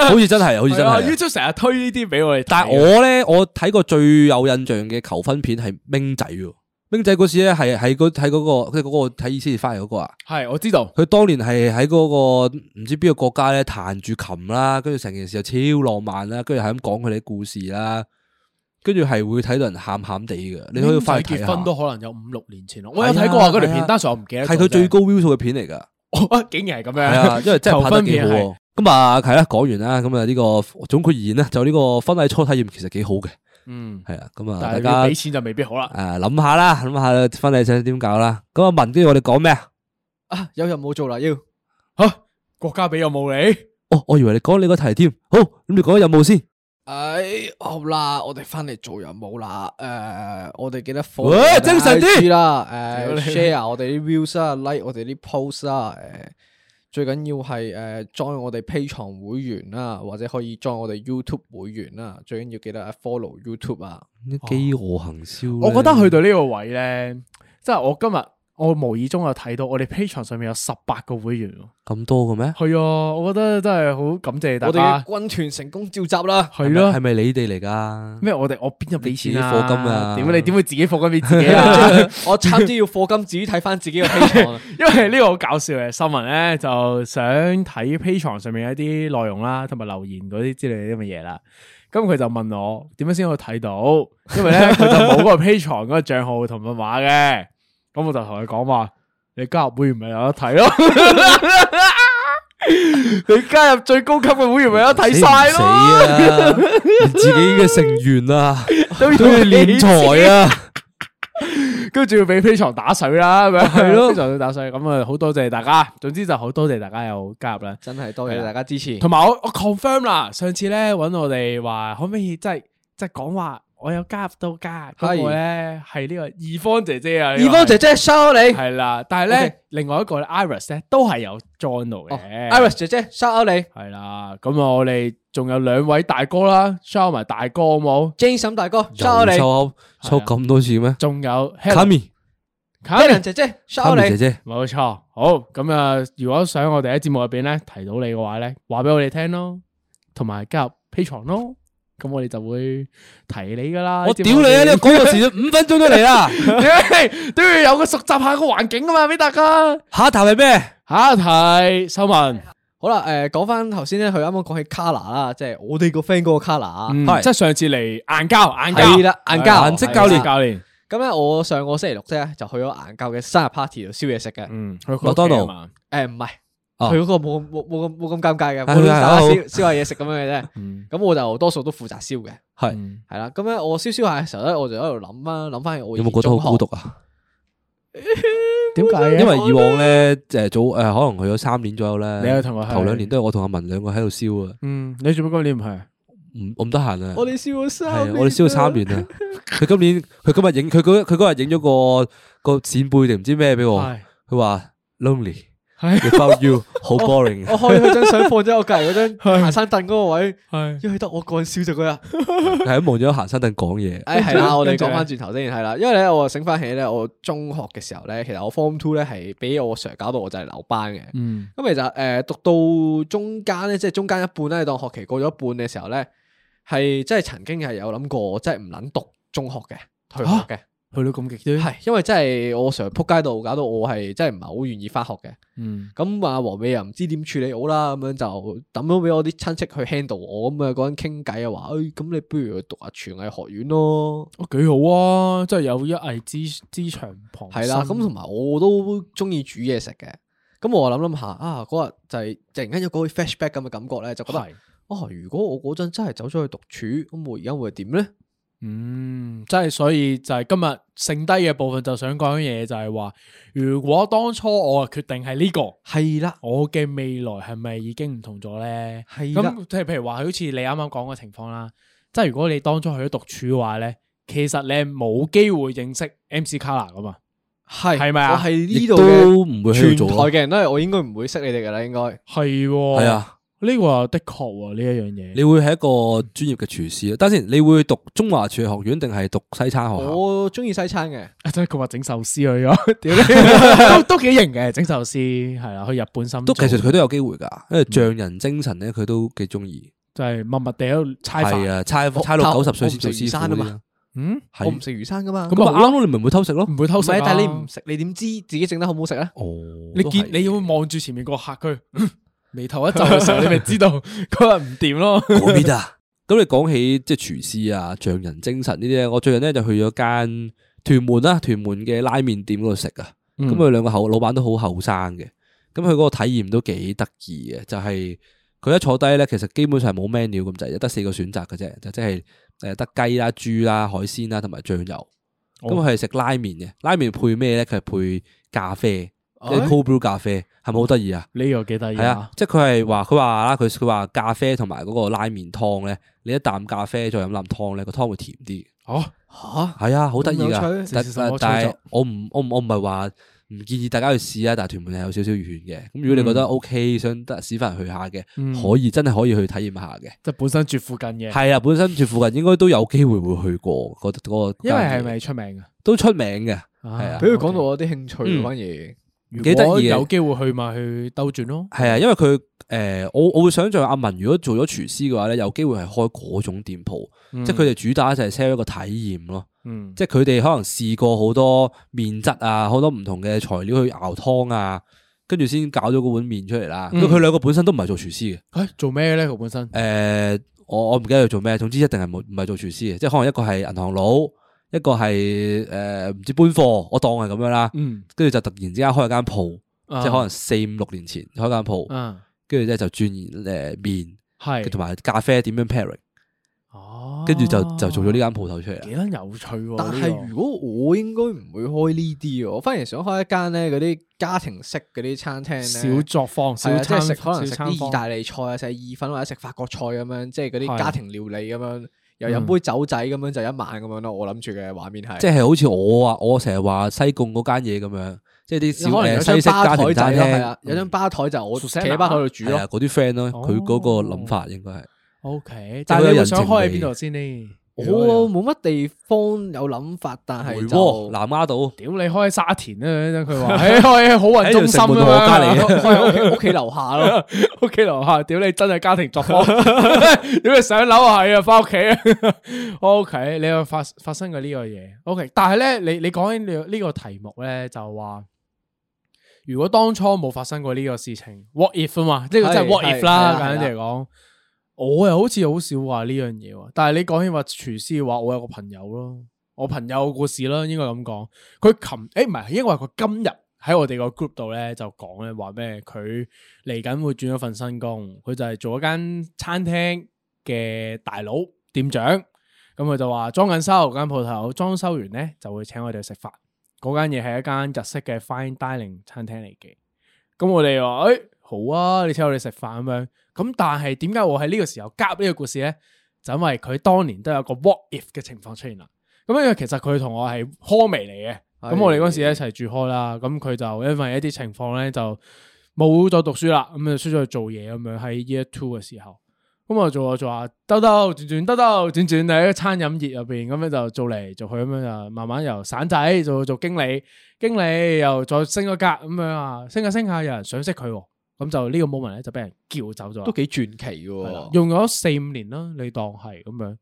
好似真係，好似真係。YouTube 成日推呢啲俾我哋，但係我咧，我睇過最有印象嘅求婚片係冰仔，冰仔嗰時咧係喺嗰喺嗰個即係、嗰個睇、嗰個嗰個、意思翻嚟嗰個啊，係我知道。佢當年係喺嗰個唔知邊個國家咧彈住琴啦，跟住成件事就超浪漫啦，跟住係咁講佢哋啲故事啦，跟住係會睇到人喊喊地嘅。你可以去快結婚都可能有五六年前咯，我有睇過嗰條片，單純我唔記得係佢最高 view 數嘅片嚟噶。哦、竟然係咁樣，係啊，因為真係拍得幾好。咁啊，係啦，講、嗯、完啦，咁啊呢個總括而言咧，就呢個婚禮初體驗其實幾好嘅、嗯。嗯，係啊，咁啊，大家俾錢就未必好啦。誒，諗下啦，諗下婚禮想點搞啦。咁啊，嗯、文都要我哋講咩啊？啊，有任務做啦，要。吓、啊，國家俾任務你。哦，我以為你講你個題添。好，咁你講個任務先。哎，好啦，我哋翻嚟做任務啦。誒、呃，我哋記得 follow，精神啲啦。誒、呃、share 我哋啲 views 啊 like 我哋啲 post 啊、呃。誒，最緊要係誒、呃、join 我哋 Patreon 會員啦，或者可以 join 我哋 YouTube 會員啊。最緊要記得 follow YouTube 啊。飢餓行銷。我覺得去到呢個位咧，即係我今日。我無意中又睇到我哋 P 場上面有十八個會員，咁多嘅咩？係啊，我覺得真係好感謝大家，我哋軍團成功召集啦，係咯、啊？係咪你哋嚟噶？咩？我哋我邊度俾錢貨、啊、金啊？點解你點會自己貨金俾自己啊？ 我差啲要貨金自己睇翻自己嘅 P 場，因為呢個好搞笑嘅新聞咧，就想睇 P 場上面一啲內容啦，同埋留言嗰啲之類啲咁嘅嘢啦。咁佢就問我點樣先可以睇到？因為咧佢就冇個 P 場嗰個賬號同密碼嘅。咁我就同佢講話，你加入會員咪有得睇咯， 你加入最高級嘅會員咪有得睇晒咯， 連自己嘅成員啊都要斂財啊，跟住要俾 Patreon 打水啦，咁咪？係咯，Patreon 要打水，咁啊好多謝大家，總之就好多謝大家有加入啦，真係多謝大家支持，同埋我我 confirm 啦，上次咧搵我哋話可唔可以即係即係講話。我有加入到㗎，不過咧係呢個二方姐姐啊，二方姐姐，show 你係啦。但係咧，另外一個 Iris 咧都係有 join 到嘅。Iris 姐姐，show 你係啦。咁啊，我哋仲有兩位大哥啦，show 埋大哥好冇？Jason 大哥，show 你。錯錯咁多次咩？仲有 Kami，Kami 姐姐，show 你。Kami 姐姐，冇錯。好咁啊，如果想我哋喺節目入邊咧提到你嘅話咧，話俾我哋聽咯，同埋加入 Patreon 咯。咁我哋就會提你噶啦，我屌你啊！你講個字都五分鐘都嚟啦，都要有個熟習下個環境啊嘛，俾大家。下一題係咩？下一題，秀文。好啦，誒，講翻頭先咧，佢啱啱講起 Kala 啦，即係我哋個 friend 嗰個 Kala 啊，即係上次嚟硬膠硬膠啦，硬膠顏色教練教練。咁咧，我上個星期六啫，就去咗硬膠嘅生日 party 度燒嘢食嘅，嗯，麥當勞。誒，唔係。佢嗰個冇冇冇咁冇咁尷尬嘅，冇亂燒燒下嘢食咁樣嘅啫。咁我就多數都負責燒嘅，係係啦。咁樣我燒燒下嘅時候咧，我就喺度諗啊諗翻。我有冇覺得好孤獨啊？點解？因為以往咧，誒早誒可能去咗三年左右咧。你嘅同學頭兩年都係我同阿文兩個喺度燒啊。嗯，你做乜今年唔係？唔，我唔得閒啊。我哋燒咗三，我哋燒咗三年啦。佢今年佢今日影佢嗰佢日影咗個個扇貝定唔知咩俾我。佢話 lonely。a b o you 好 very boring 我。我開咗張相放咗喺我隔籬嗰張行山凳嗰個位，因為得我個人笑就佢啊，係喺望住行山凳講嘢。誒係啦，我哋講翻轉頭先係啦，因為咧我醒翻起咧，我中學嘅時候咧，其實我 form two 咧係俾我阿 Sir 搞到我就係留班嘅。咁其實誒讀到中間咧，即係中間一半咧，當學期過咗一半嘅時候咧，係即係曾經係有諗過，即係唔諗讀中學嘅，退學嘅。啊去到咁極端，係因為真係我成日扑街度，搞、嗯嗯、到我係真係唔係好願意翻學嘅。咁啊，黃尾又唔知點處理好啦，咁樣就抌咗俾我啲親戚去 handle 我。咁啊，嗰陣傾偈啊，話、哎、誒，咁你不如去讀下廚藝學院咯，都幾、哦、好啊！真係有一藝之之長旁。係啦，咁同埋我都中意煮嘢食嘅。咁、嗯、我諗諗下啊，嗰日就係、是、突然間有嗰啲 flashback 咁嘅感覺咧，就覺得的啊，如果我嗰陣真係走咗去讀廚，咁我而家會點咧？嗯，即係所以就係今日剩低嘅部分，就想講嘢就係話，如果當初我決定係呢、這個，係啦的，我嘅未來係咪已經唔同咗咧？係咁的、嗯，即係譬如話，好似你啱啱講嘅情況啦，即係如果你當初去咗獨處嘅話咧，其實你冇機會認識 M C Carla 噶嘛？係係咪啊？係呢度都唔會去咗，台嘅人都係我應該唔會識你哋噶啦，應該係係啊。呢個啊的確呢一樣嘢，你會係一個專業嘅廚師啊？當然，你會讀中華廚藝學院定係讀西餐學院？我中意西餐嘅，即係佢話整壽司去咗，都都幾型嘅，整壽司係啦，去日本深。都其實佢都有機會噶，因為匠人精神咧，佢都幾中意。就係默默屌，係啊，猜差六九十歲先做師傅啊嘛。嗯，我唔食魚生噶嘛。咁啱咯，你咪唔會偷食咯？唔會偷食，但係你唔食，你點知自己整得好唔好食咧？哦，你見你要望住前面個客區。眉頭一皺嘅時候 你咪知道嗰日唔掂咯。嗰邊啊，咁你講起即係廚師啊、匠人精神呢啲咧，我最近咧就去咗間屯門啦、啊，屯門嘅拉麵店嗰度食啊。咁佢兩個後老闆都好後生嘅，咁佢嗰個體驗都幾得意嘅，就係、是、佢一坐低咧，其實基本上係冇咩料咁滯，有得四個選擇嘅啫，就即係誒得雞啦、豬啦、啊、海鮮啦同埋醬油。咁佢係食拉麵嘅，拉麵配咩咧？佢係配咖啡。即係 cold brew 咖啡，係咪好得意啊？呢個幾得意係啊！即係佢係話佢話啦，佢佢話咖啡同埋嗰個拉麵湯咧，你一啖咖啡再飲啖湯咧，個湯會甜啲。哦，吓係啊，好得意噶！但係我唔我唔我唔係話唔建議大家去試啊！但係屯門係有少少遠嘅。咁如果你覺得 OK，想得使翻人去下嘅，可以真係可以去體驗下嘅。即係本身住附近嘅係啊，本身住附近應該都有機會會去過嗰嗰個。因為係咪出名噶？都出名嘅，係啊。俾佢講到我啲興趣反而……幾得意，有機會去嘛去兜轉咯。係啊，因為佢誒、呃，我我會想象阿文如果做咗廚師嘅話咧，有機會係開嗰種店鋪，嗯、即係佢哋主打就係 sell 一個體驗咯。嗯、即係佢哋可能試過好多麵質啊，好多唔同嘅材料去熬湯啊，跟住先搞咗嗰碗麵出嚟啦。佢兩、嗯、個本身都唔係做廚師嘅，誒、欸，做咩咧？佢本身誒、呃，我我唔記得佢做咩，總之一定係唔係做廚師嘅，即係可能一個係銀行佬。一個係誒唔知搬貨，我當係咁樣啦。嗯，跟住就突然之間開咗間鋪，啊、即係可能四五六年前開間鋪。嗯、啊，跟住即係就轉誒麵，係同埋咖啡點樣 pairing 哦，跟住、啊、就就做咗呢間鋪頭出嚟。幾有趣、啊，但係如果我應該唔會開呢啲，嗯、我反而想開一間咧，嗰啲家庭式嗰啲餐廳。小作坊，小餐食、啊，可能食啲意大利菜，食意粉或者食法國菜咁樣，即係嗰啲家庭料理咁樣。又飲、嗯、杯酒仔咁樣就一晚咁樣咯，我諗住嘅畫面係，即係好似我啊，我成日話西貢嗰間嘢咁樣，即係啲小誒西式家庭餐廳係啊、嗯，有張吧台就我企喺吧台度煮咯，嗰啲、嗯、friend 咯、哦，佢嗰個諗法應該係，OK。但係你又想開喺邊度先呢？好冇乜地方有諗法，但係南丫島。屌你開沙田啊！佢話喺開好運中心啦，開喺屋屋企樓下咯，屋企樓下。屌你真係家庭作坊，屌你上樓下係啊，翻屋企啊，屋企你有發發生過呢個嘢？O K，但係咧，你你講緊呢呢個題目咧，就話如果當初冇發生過呢個事情，what if 啊嘛？呢個真係 what if 啦，簡單嚟講。我又好似好少話呢樣嘢喎，但係你講起話廚師嘅話，我有個朋友咯，我朋友嘅故事啦，應該咁講。佢琴誒，唔係，應該話佢今日喺我哋個 group 度咧就講咧話咩？佢嚟緊會轉咗份新工，佢就係做一間餐廳嘅大佬店長。咁佢就話裝緊修間鋪頭，裝修完咧就會請我哋食飯。嗰間嘢係一間日式嘅 fine dining 餐廳嚟嘅。咁我哋話誒。哎好啊，你請我哋食飯咁樣，咁但係點解我喺呢個時候夾呢個故事咧？就因為佢當年都有個 what if 嘅情況出現啦。咁因為其實佢同我係呵眉嚟嘅，咁、哎、呀我哋嗰時一齊住開啦。咁佢、哎、呀就因為一啲情況咧，就冇咗讀書啦。咁就出咗去做嘢咁樣，喺 year two 嘅時候，咁啊做下做下，兜兜轉轉兜兜轉轉，喺個餐飲業入邊，咁樣就做嚟做去咁樣，就慢慢由散仔做做經理，經理又再升咗格。咁樣啊，升下升下，有人想識佢。咁就呢個 moment 咧，就俾人叫走咗的，都幾傳奇嘅。用咗四五年啦，你當係咁樣。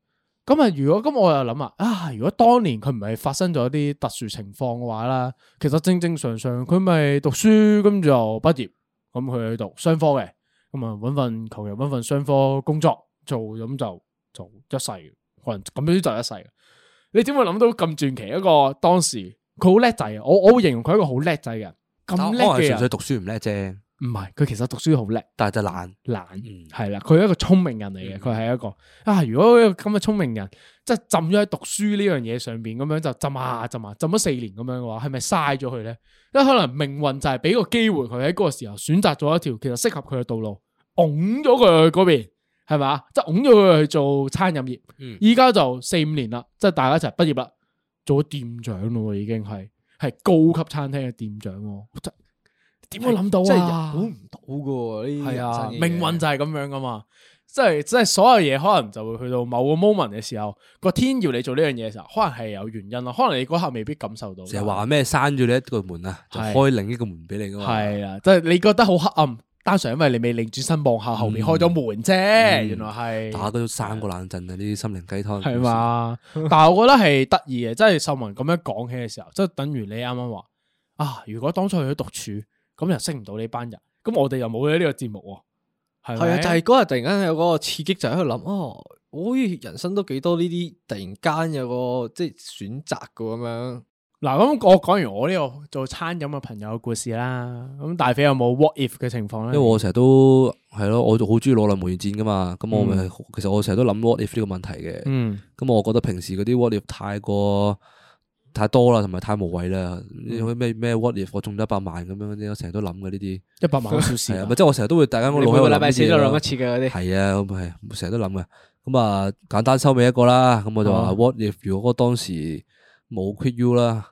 咁啊，如果咁，我又諗啊，啊，如果當年佢唔係發生咗啲特殊情況嘅話啦，其實正正常常，佢咪讀書，咁就畢業，咁佢去讀商科嘅，咁啊，搵份求人，搵份商科工作做，咁就做一世，可能咁樣就一世。你點會諗到咁傳奇？一個當時佢好叻仔，我我會形容佢一個好叻仔嘅，咁叻純粹讀書唔叻啫。唔係，佢其實讀書好叻，但係就懶懶係啦。佢係、嗯、一個聰明人嚟嘅，佢係、嗯、一個啊。如果一個咁嘅聰明人，即係浸咗喺讀書呢樣嘢上邊咁樣就浸下、啊、浸下、啊啊，浸咗四年咁樣嘅話，係咪嘥咗佢咧？因為可能命運就係俾個機會佢喺嗰個時候選擇咗一條其實適合佢嘅道路，拱咗佢去嗰邊係咪？即係拱咗佢去做餐飲業。依家、嗯、就四五年啦，即係大家一齊畢業啦，做咗店長咯，已經係係高級餐廳嘅店長。點樣諗到啊？估唔、哎、到噶。呢啲命運就係咁樣噶嘛，即係即係所有嘢，可能就會去到某個 moment 嘅時候，個天要你做呢樣嘢嘅時候，可能係有原因咯，可能你嗰刻未必感受到。成日話咩閂住你一個門啊，就開另一個門俾你噶嘛。係啊，即、就、係、是、你覺得好黑暗，單純因為你未擰轉身望下後面開咗門啫，嗯、原來係打到咗三個冷震啊！呢啲心靈雞湯係嘛？吧 但係我覺得係得意嘅，即係秀文咁樣講起嘅時候，即係等於你啱啱話啊，如果當初去佢獨處。咁又識唔到呢班人，咁我哋又冇咗呢個節目喎，係係啊，就係嗰日突然間有嗰個刺激，就喺度諗哦，我好似人生都幾多呢啲突然間有個即係選擇噶咁樣。嗱咁我講完我呢個做餐飲嘅朋友嘅故事啦，咁大肥有冇 what if 嘅情況咧？因為我成日都係咯，我就好中意攞嚟玩戰噶嘛，咁我咪、就是嗯、其實我成日都諗 what if 呢個問題嘅，咁、嗯、我覺得平時嗰啲 what if 太過。太多啦，同埋太無謂啦。咩咩 what if 我中咗一百萬咁樣嗰啲，我成日都諗嘅呢啲一百萬好少事，唔係即係我成日都會大家我每個禮拜四寫咗一次嘅嗰啲，係啊，咁係成日都諗嘅。咁啊簡單收尾一個啦。咁我就話、啊、what if 如果我當時冇 quit you 啦。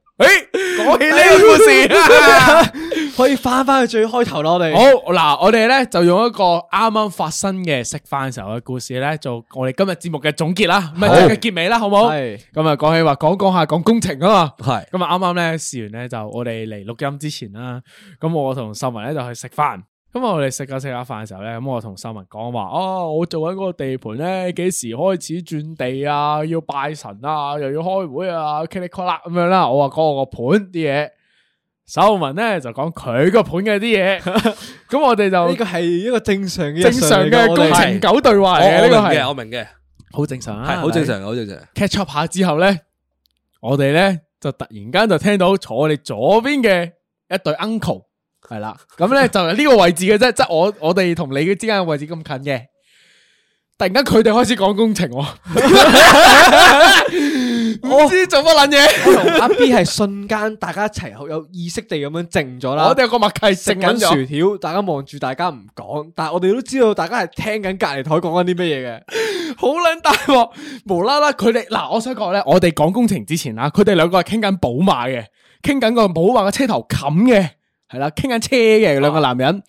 誒，講、欸、起呢個故事 可以翻翻去最開頭咯。 我哋好嗱，我哋咧就用一個啱啱發生嘅食飯時候嘅故事咧，做我哋今日節目嘅總結啦，唔係嘅結尾啦，好唔好？係咁啊，講起話，講講下講工程啊嘛。係咁啊，啱啱咧試完咧，就我哋嚟錄音之前啦。咁我同秀文咧就去食飯。咁啊、嗯！我哋食下食下飯嘅時候咧，咁、嗯、我同秀文講話，啊，我做緊嗰個地盤咧，幾時開始轉地啊？要拜神啊，又要開會啊，噼里啪啦咁樣啦。我話、 嗯、講我個盤啲嘢，秀文咧就講佢個盤嘅啲嘢。咁我哋就呢個係一個正常，常、正常嘅工程狗對話嘅呢個係，我明嘅，好正常啊，好是正，正常，好正常。catch up 下之後咧，我哋咧就突然間就聽到坐我哋左邊嘅一對 uncle。係啦，咁咧就係呢個位置嘅啫，即係 我我哋同你之間嘅位置咁近嘅。突然間佢哋開始講工程我，我唔知做乜撚嘢。同阿 B 係瞬間大家一齊好有意識地咁樣靜咗啦。 了我哋有個默契食緊薯條，大家望住大家唔講，但係我哋都知道大家係聽緊隔籬台講緊啲乜嘢嘅。好撚大鑊，無啦啦佢哋嗱，我想講咧，我哋講工程之前啦，佢哋兩個係傾緊寶馬嘅，傾緊個寶馬嘅車頭冚嘅。係啦，傾緊車嘅兩個男人，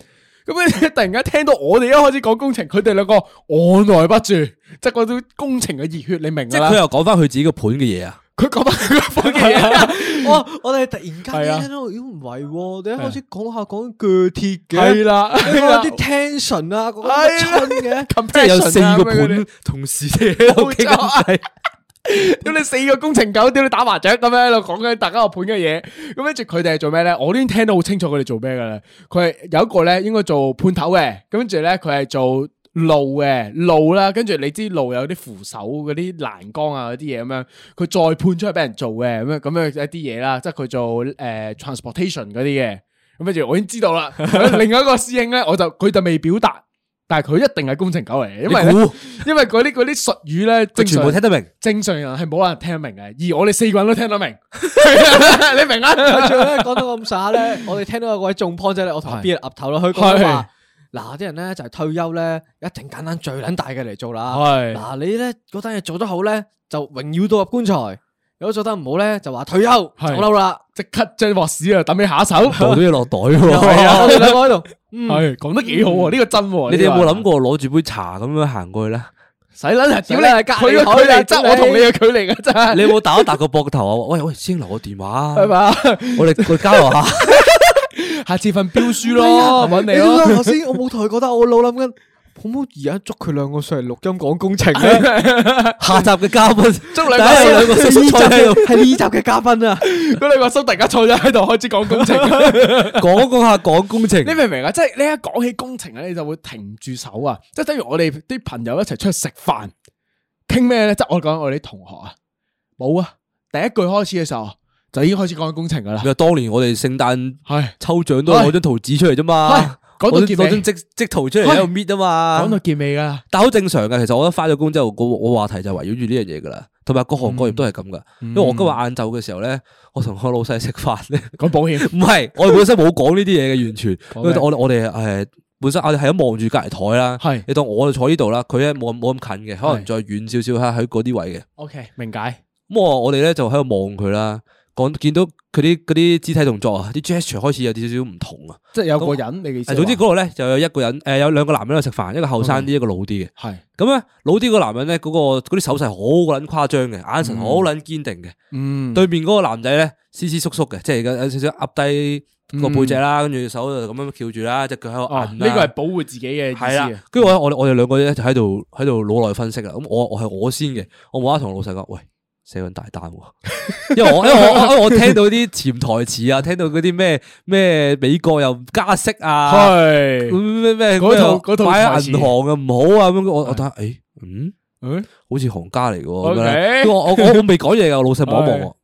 咁咧突然間聽到我哋一開始講工程，佢哋兩個按耐不住，即係嗰種工程嘅熱血，你明啦？即佢又講翻佢自己個盤嘅嘢啊！佢講翻佢個盤嘅嘢，哇！我哋突然間聽到，咦？唔係，我哋一開始講下講鋸鐵嘅，係啦，啲 tension 啊，嗰啲春嘅，即係有四個盤同時喺度傾緊。屌 你四個工程狗，屌你打麻雀咁樣喺度講緊大家個判嘅嘢，咁跟住佢哋係做咩咧？我都已經聽到好清楚佢哋做咩噶啦。佢係有一個咧，應該做判頭嘅，跟住咧佢係做路嘅路啦。跟住你知路有啲扶手、嗰啲欄杆啊、嗰啲嘢咁樣，佢再判出去俾人做嘅咁樣咁樣一啲嘢啦。即係佢做誒、呃、transportation 嗰啲嘅。咁跟住我已經知道啦。 另外一個師兄咧，我就佢就未表達。但係佢一定係工程狗嚟，因為呢猜因為嗰啲嗰啲術語咧，佢全部聽得明。正常人係冇人聽得明嘅，而我哋四個人都聽得明。 你明啊？再咧講到咁耍咧，我哋聽到有位眾 p 仔咧，我同邊人噏頭咯，佢講話嗱啲人咧就退休咧，一定揀啱最撚大嘅嚟做啦。嗱是，你咧嗰單嘢做得好咧，就榮耀到入棺材。如果做得唔好咧，就話退休我嬲啦，即刻將鑊屎啊，等你下手，同你落袋。係啊，我喺度，係講得幾好啊，呢個真喎。你哋有冇諗過攞住杯茶咁樣行過去咧？使捻啊，屌你隔籬距離，執我同你嘅距離啊，真係。你有冇打一打個膊頭啊？喂喂，先留我電話啊，係嘛，我哋再交流下，下次份標書咯，揾你咯。頭先我冇同佢講得，我腦諗緊。好冇，而家捉佢兩個上嚟錄音講工程啊！下集嘅嘉賓捉兩個，兩個心坐喺度係二集嘅嘉賓啊！嗰兩個心突然間坐咗喺度開始講工程，講講下講工程，你明唔明啊？即係你一講起工程咧，你就會停住手啊！即係等於我哋啲朋友一齊出去食飯，傾咩咧？即係我講我哋啲同學啊，冇啊！第一句開始嘅時候就已經開始講緊工程噶啦。因為當年我哋聖誕係抽獎都攞張圖紙出嚟啫嘛。哎哎講到結尾啊，但係好正常噶。其實我一翻咗工之後，我我話題就圍繞住呢樣嘢噶啦。同埋各行各業都係咁噶。因為我今日晏晝嘅時候咧，我同我老細食飯咧，講保險，唔係我本身冇講呢啲嘢嘅，完全我我哋誒，本身我哋係喺望住隔籬台啦。係你當我哋坐呢度啦，佢咧冇冇咁近嘅，可能再遠少少喺喺嗰啲位嘅。OK，明解。咁我我哋咧就喺度望佢啦。講見到佢啲啲肢體動作啊，啲 gesture 開始有啲少少唔同啊。即係有個人，那個，你嘅意思總之嗰度咧就有一個人，誒、呃、有兩個男人喺度食飯，一個後生啲，嗯、一個老啲嘅。係咁咧，老啲、那個嗯、個男人咧，嗰個啲手勢好捻誇張嘅，眼神好捻堅定嘅。嗯，對面嗰個男仔咧，斯斯縮縮嘅，即係有有少少屈低個背脊啦，跟住手就咁樣翹住啦，隻腳喺度。哦，呢個係保護自己嘅意思。跟住我我哋兩個咧就喺度喺度攞來分析啊。咁、嗯、我我係我先嘅，我冇得同老細講，喂。喂寫緊大單，因為我因為我我聽到啲潛台詞啊，聽到嗰啲咩咩美國又加息啊，係咩咩嗰套銀行啊唔好啊，咁我我等下誒，嗯嗯，好似行家嚟嘅，我我未講嘢嘅，老細望一望我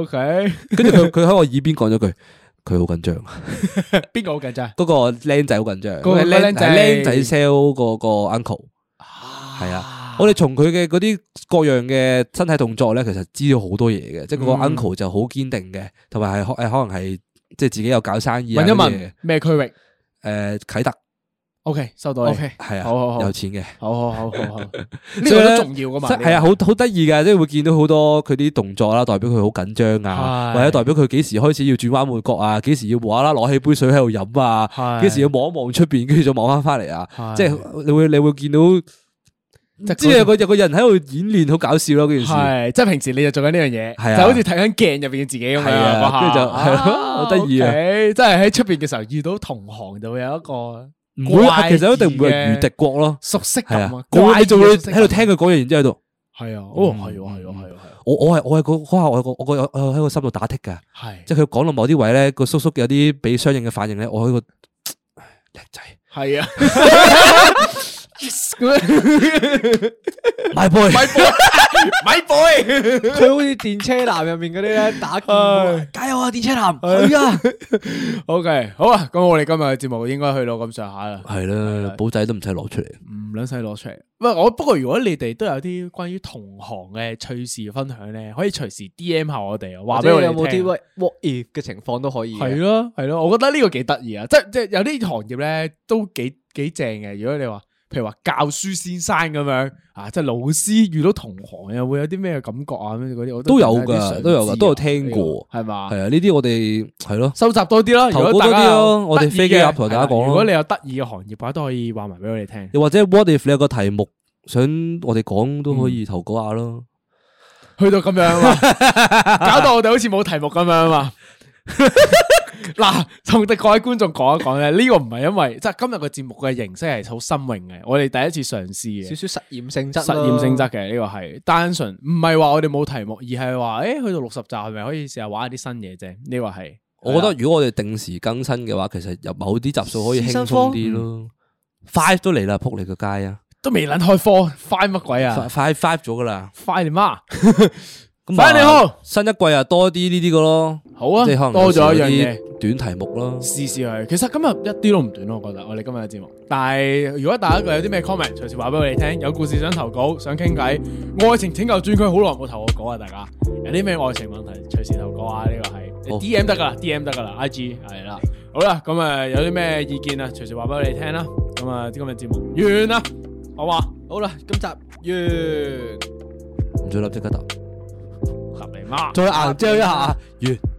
，OK，跟住佢佢喺我耳邊講咗句，佢好緊張，邊個好緊張？嗰個僆仔好緊張，係僆仔僆仔 sell 嗰個 uncle，係啊。我哋從佢嘅嗰啲各樣嘅身體動作咧，其實知道好多嘢嘅。即係嗰個 uncle 就好堅定嘅，同埋係誒可能係即係自己有搞生意。問一問咩區域？誒，啟德。O K，收到。O K，係啊，有錢嘅。好好好好好，呢個都重要噶嘛。係啊，好好得意嘅，即係會見到好多佢啲動作啦，代表佢好緊張啊，或者代表佢幾時開始要轉彎抹角啊，幾時要無啦啦攞起杯水喺度飲啊，幾時要望一望出邊，跟住就望翻翻嚟啊。即係你會你會見到。即係有個有個人喺度演練，好搞笑咯！嗰件事，即係平時你就做緊呢樣嘢，就好似睇緊鏡入邊嘅自己咁。係啊，跟住就係好得意啊！即係喺出邊嘅時候遇到同行，就會有一個唔會，其實一定唔會係如敵國咯，熟悉咁啊。跟住你仲會喺度聽佢講嘢，然之後喺度。係啊，哦，係啊，係啊，係啊，我我係我係下我我我喺個心度打剔㗎，係，即係佢講到某啲位咧，個叔叔有啲俾相應嘅反應咧，我喺個靚仔，係啊。Yes. My boy，my boy，my boy 佢好似電車男入面嗰啲咧打 call、uh. 加油啊！電車男，係啊、uh. 哎、，OK，好啊，咁我哋今日嘅節目應該去到咁上下啦，係啦，寶仔都唔使攞出嚟，唔卵使攞出嚟。喂，我不，不，不過如果你哋都有啲關於同行嘅趣事分享咧，可以隨時 D M 下我哋，話俾我哋。喂、啊、，有冇啲 what if 嘅情況都可以，係咯，係咯，我覺得呢個幾得意啊，即係即係有啲行業咧都幾幾正嘅，如果你話。譬如話教書先生咁樣啊，即係老師遇到同行又會有啲咩感覺啊？咩嗰啲都有噶，都有噶，都有聽過係嘛？係啊、這個，呢啲我哋係咯，收集多啲咯，如果投稿多啲咯。我哋飛機鴨同大家講，如果你有得意嘅行業嘅話，都可以話埋俾我哋聽。又或者，what if 你有個題目想我哋講，都可以投稿下、啊、咯、嗯。去到咁樣嘛， 搞到我哋好似冇題目咁樣啊！嗱，同啲 各位觀眾講一講咧，呢、這個唔係因為即係今日個節目嘅形式係好新穎嘅，我哋第一次嘗試嘅，少少實驗性質，實驗性質嘅呢個係單純唔係話我哋冇題目，而係話誒去到六十集係咪可以試下玩一啲新嘢啫？呢、這個係，我覺得如果我哋定時更新嘅話，其實有某啲集數可以輕鬆啲咯。Five 都嚟啦，扑你個街啊！都未諗開 f f i v e 乜鬼啊？five five 咗噶啦，five 你媽 f 你好，新一季又多啲呢啲嘅咯。好啊，即可能多咗一樣嘢，短題目咯。試試佢，其實今日一啲都唔短咯，我覺得。我哋今日嘅節目，但係如果大家有啲咩 comment，隨時話俾我哋聽。有故事想投稿，想傾偈，愛情拯救專區好耐冇投過稿啊，大家。有啲咩愛情問題，隨時投稿啊。呢、這個係 D M 得噶啦，D M 得噶啦，I G 係啦。好啦、啊，咁誒有啲咩意見啊？隨時話俾我哋聽啦。咁、嗯、啊，今日節目完啦。好嘛，好啦，今集完，唔再立即得答，合你媽，再硬張一下啊，完。